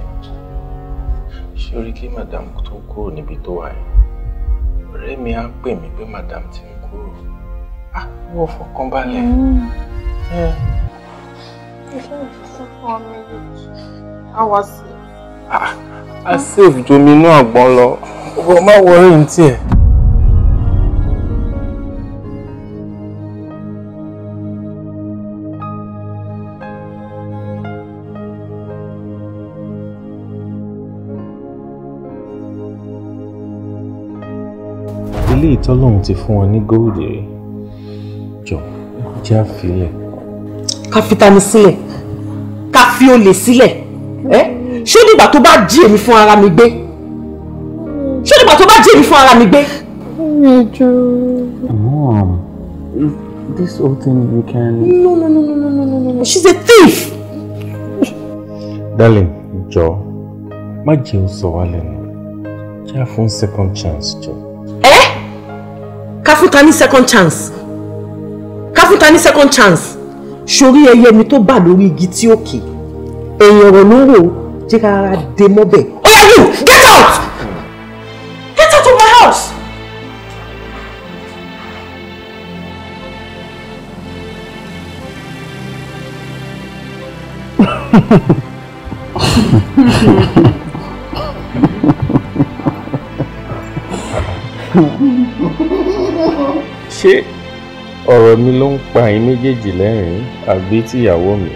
ṣé orí kí madam tó kúrò níbi tó wà yìí ọ̀rẹ́ mi á pè mí pé madam ti ń kúrò á ah, wọ́n fọkàn balẹ̀. Yeah. Mm. I save Jomi inú àgbọn lọ. Ọmọ má wọrí ní tiẹ̀. E. ilé ìtọ́lọ́hún ti fún wọn ní góòdì rí jọ jẹ́ àfilẹ̀ ká fi tani sílẹ̀ ká fi olè sílẹ̀ ẹ́ ṣé nígbà tó bá jí èmi fún ara mi gbé ṣé nígbà tó bá jí èmi fún ara mi gbé. Mom, this whole thing you can. No, no, no, no, no, no, no, no. She's a thief. Darling, jọ̀ọ́ má jẹ́ ó sọ wá lẹ́nu jẹ́ fún second chance jọ̀ọ́. Ẹ ká fún ta ní second chance ká fún ta ní second chance sórí ẹyẹ mi tó bà lórí igi tí ó kì èèyàn ọ̀rọ̀ ló ń rò jẹ́ ká rárá dé mọ́bẹ̀. Where you? Get out! Get out of my house! Shit ọ̀rọ̀ mi ló ń pa ẹ̀yin méjèèjì lẹ́rìn-ín àbí tìyàwó mi.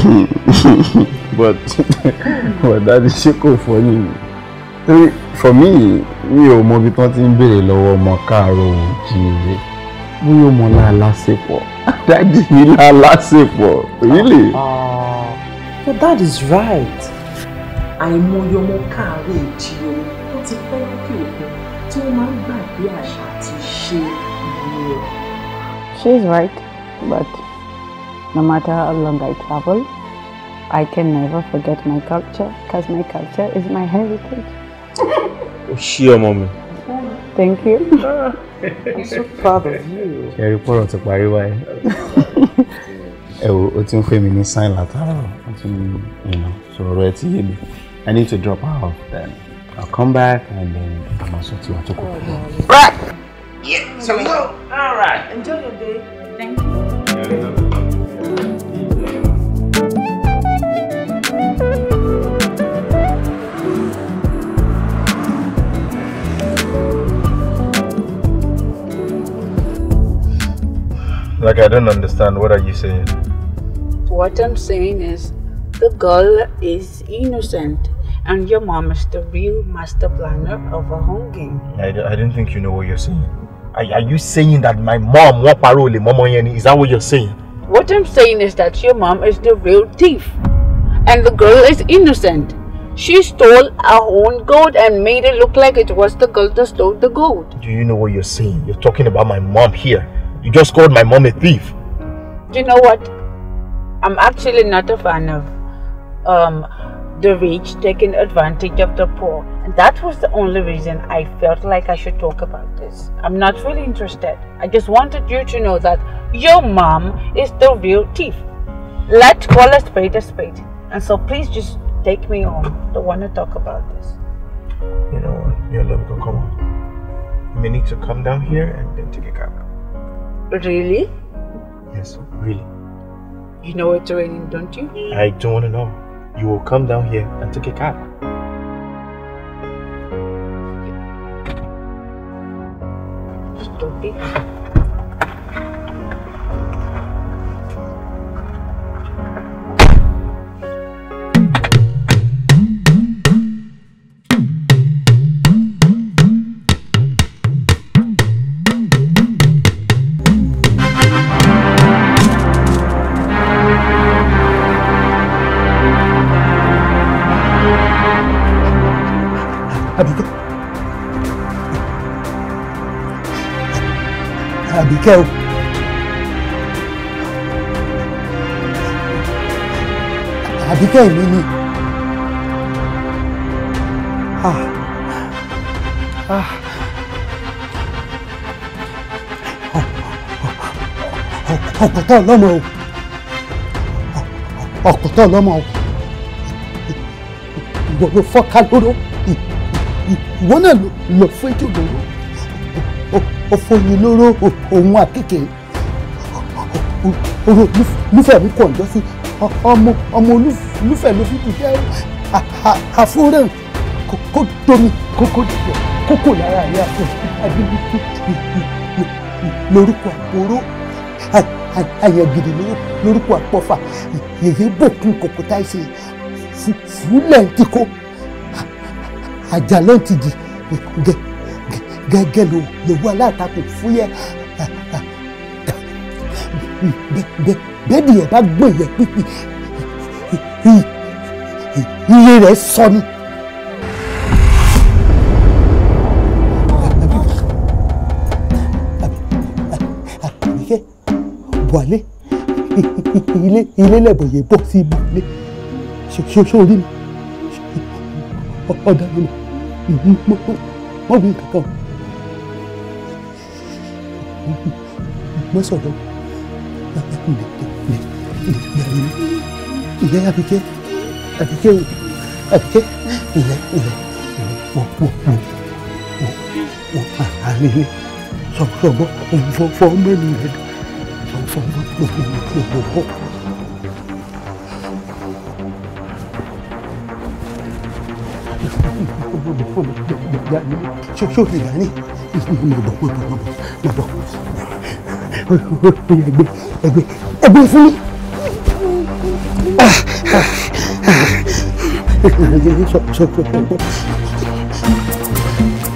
but but dadi ṣé kò fọ́ nìyí for me mi ò mọ ibi tí wọ́n ti ń béèrè lọ́wọ́ ọmọ káàárọ̀ oòjíire mi ò mọ lálásèpọ̀ dadi mi lálásèpọ̀ really. Ah, but that is right àìmọye ọmọ káàárọ̀ oòjíire She is right, but no matter how long I travel, I can never forget my culture because my culture is my heritage. Sure, mommy. Thank you. I'm so proud of you. Ẹ rí pọ̀rọ̀ ti parí báyìí. Ẹ ó ti fẹ́ mi ní sign látàárọ̀, ó you know. So sọ̀rọ̀ ẹ ti yé mi. I need to drop out then. I'll come back and then I'm also to Right! Yeah, so we go. All right. Enjoy your day. Thank you. Like, I don't understand. What are you saying? What I'm saying is, the girl is innocent, and your mom is the real master planner of a home game. I, I don't think you know what you're saying. Are, are you saying that my mom won't parole Momo Yeni? Is that what you're saying? What I'm saying is that your mom is the real thief. And the girl is innocent. She stole her own gold and made it look like it was the girl that stole the gold. Do you know what you're saying? You're talking about my mom here. You just called my mom a thief. Do you know what? I'm actually not a fan of um, the rich taking advantage of the poor. And that was the only reason I felt like I should talk about this. I'm not really interested. I just wanted you to know that your mom is the real thief. Let's call a spade a spade. And so please just take me on. Don't want to talk about this. You know what? Your love, can come on. We need to come down here and then take a cab. Really? Yes, really. You know it's raining, don't you? I don't want to know you will come down here and take a cab. Stupid. Àbíkẹ́ o. Àbíkẹ́ mi ni. Ah. Ah. ọ̀pọ̀tọ̀ lọ́mọ o ọ̀pọ̀tọ̀ lọ́mọ o ìwọ ló fọ́ká lóró ìwọ náà lọ fún ètò ìdòwò ọ̀fọ̀yìn lóró òun àkèké olùfẹ́ mi kọ̀ ǹjọ́ sí ọmọ ọmọ olùfẹ́ ló fi dùjẹ́ àfúrẹ́ kó domi kókó dùjẹ́ kókó lára rẹ̀ àfọ̀ adébítú lórúkọ àpòró àyàngìdì lórúkọ àpọ̀fà yèyé bòkun kòkòtà ìṣe fúlẹ̀ ń ti kó àjàlọ́ ti jì gẹ̀ẹ́ gẹ́gẹ́ ló lòwú alátakò fúyẹ́ bẹ́ẹ̀ni ẹ̀ bá gbọ̀n yẹ pípì iye rẹ̀ sọ ni. buhari ilé ilé lẹ́bọ̀yẹ̀ bọ̀ sí buhari ṣoṣo orí mi ọ̀dà mi mọ̀ mọ̀ wí kankan mọ́ sọ̀rọ̀ ilẹ̀ àbíkẹ́ àbíkẹ́ àbíkẹ́ ilẹ̀ ilẹ̀ wọ́n wọ́n wọ́n wọ́n àárín ilé sọ̀gbọ́n fọ́ mẹ́rin rẹ̀ sọ̀gbọ́n fọ́ mẹ́rin rẹ̀ mo lè fún mi gbẹgbẹgbẹ mi ṣóṣó lè dání mo bọ̀ mo bọ̀ mo bọ̀ mo bọ̀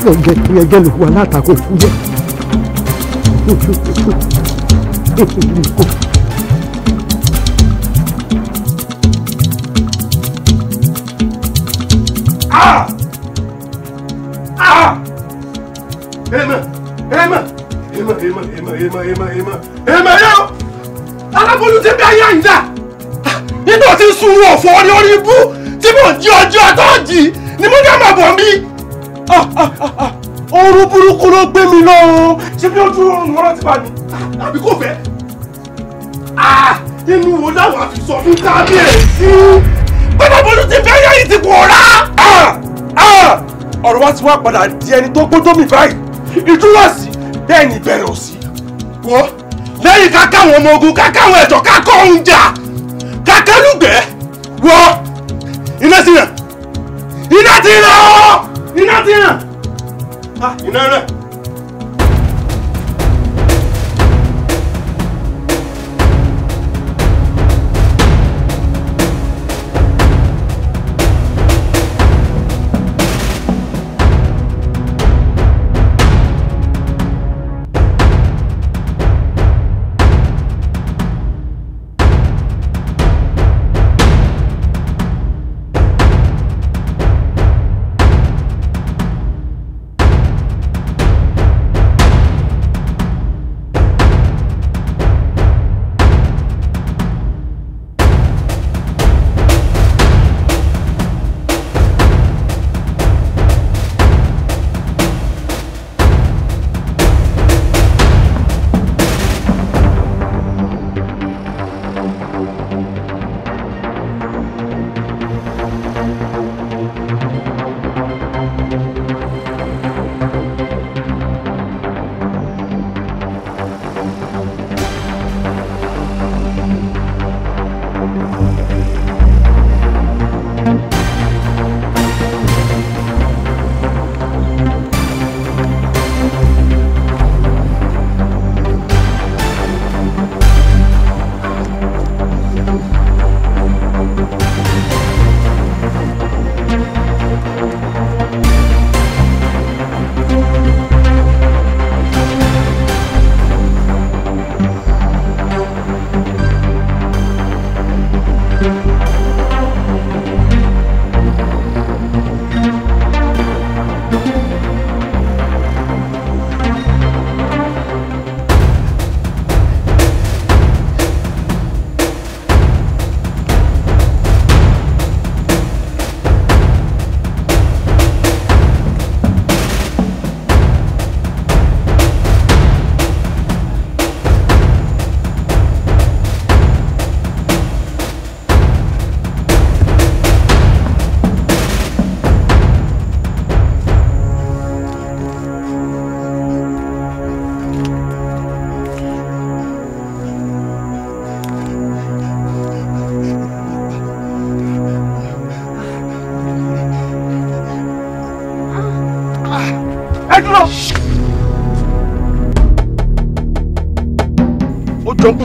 ẹgbẹ́ ẹgbẹ́ ló wà látàkó fún yẹn. Emma, Emma, Emma, Emma, Emma, Emma, èèmọ̀ èèmọ̀ èèmọ̀ yóò alábòlù ti bí ayé àyíká nígbà tí sùúrù ọ̀fọ̀ ni orí ibú tí mò ń jí ọjọ́ àtọ́jì ni mo ní àmọ̀ bọ̀ mí. ooru burúkú ló gbé mi lọ o ṣé bí ojú oorun ọ̀rọ̀ ti bá mi àbí kò fẹ́. inú wo dáhùn àfi sọ fún kábíyèsí alábòlù ti bí ayé àyíká ti pòórá. ọ̀rọ̀ wa ti wá padà di ẹni tó gbódó mi báyìí ìtúwọ̀sí bẹ́ẹ̀ ni ìbẹ̀rẹ̀ òsì wọ́n lẹ́yìn káká àwọn ọmọ ogun káká àwọn ẹ̀tọ́ káká ohun jà káká lùgbẹ́ wọ́n iná ti ràn iná ti ràn iná ti ràn ah, iná rẹ̀.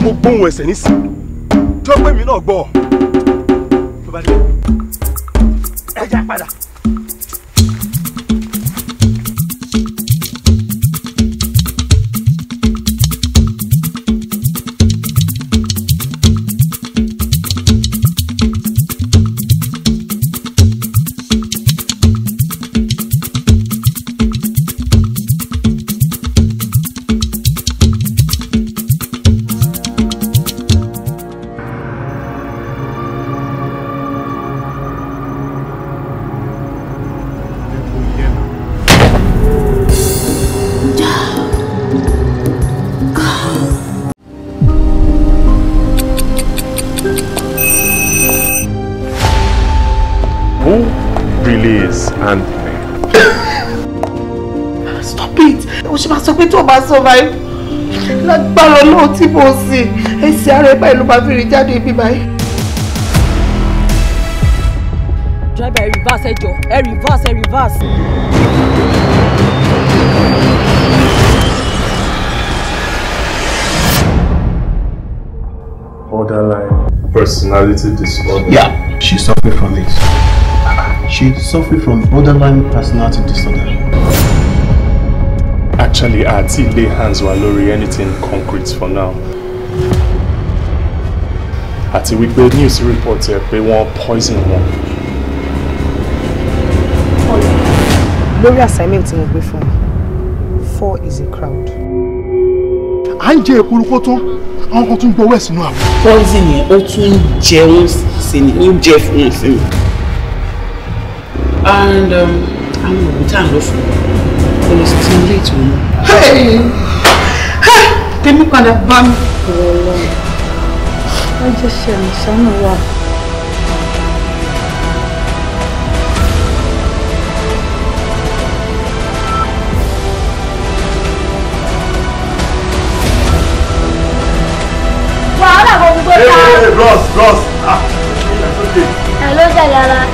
pé mo gbóhùn ẹsẹ̀ nísìnyí tí ó pé mi náà gbọ́ báyìí lágbára náà tí mo sì ẹsẹ̀ ara ẹ̀ báyìí ló máa fi rìn jáde ibi báyìí. driver reverse ẹ jọ reverse ẹ reverse. borderline personality disorder. Yeah, she suffered from it. She suffered from borderline personality disorder actually àti lay hands wa Lori. anything concrete for now àti wípé news report ẹ pé wọ́n poison wọn. lórí assignment tí mo gbé fún un four is a crowd. à ń jẹ èkúrúkó tán àwọn kan tún gbowó ẹ̀ sínú àwọn. poison yẹn ó tún ń jẹun sí ni ó ń jẹ fún mi. and um, àwọn òògùn tá à ń lò fún ti lè sùn sínú ilé ìtura. tèmi padà bá mi. ọlọ́run wọ́n jẹ́ ṣe àmì wa. wàhálà gbogbo ta. Hey, hey, hey, Ross, Ross. Ah, it's okay. Hello, Jalala.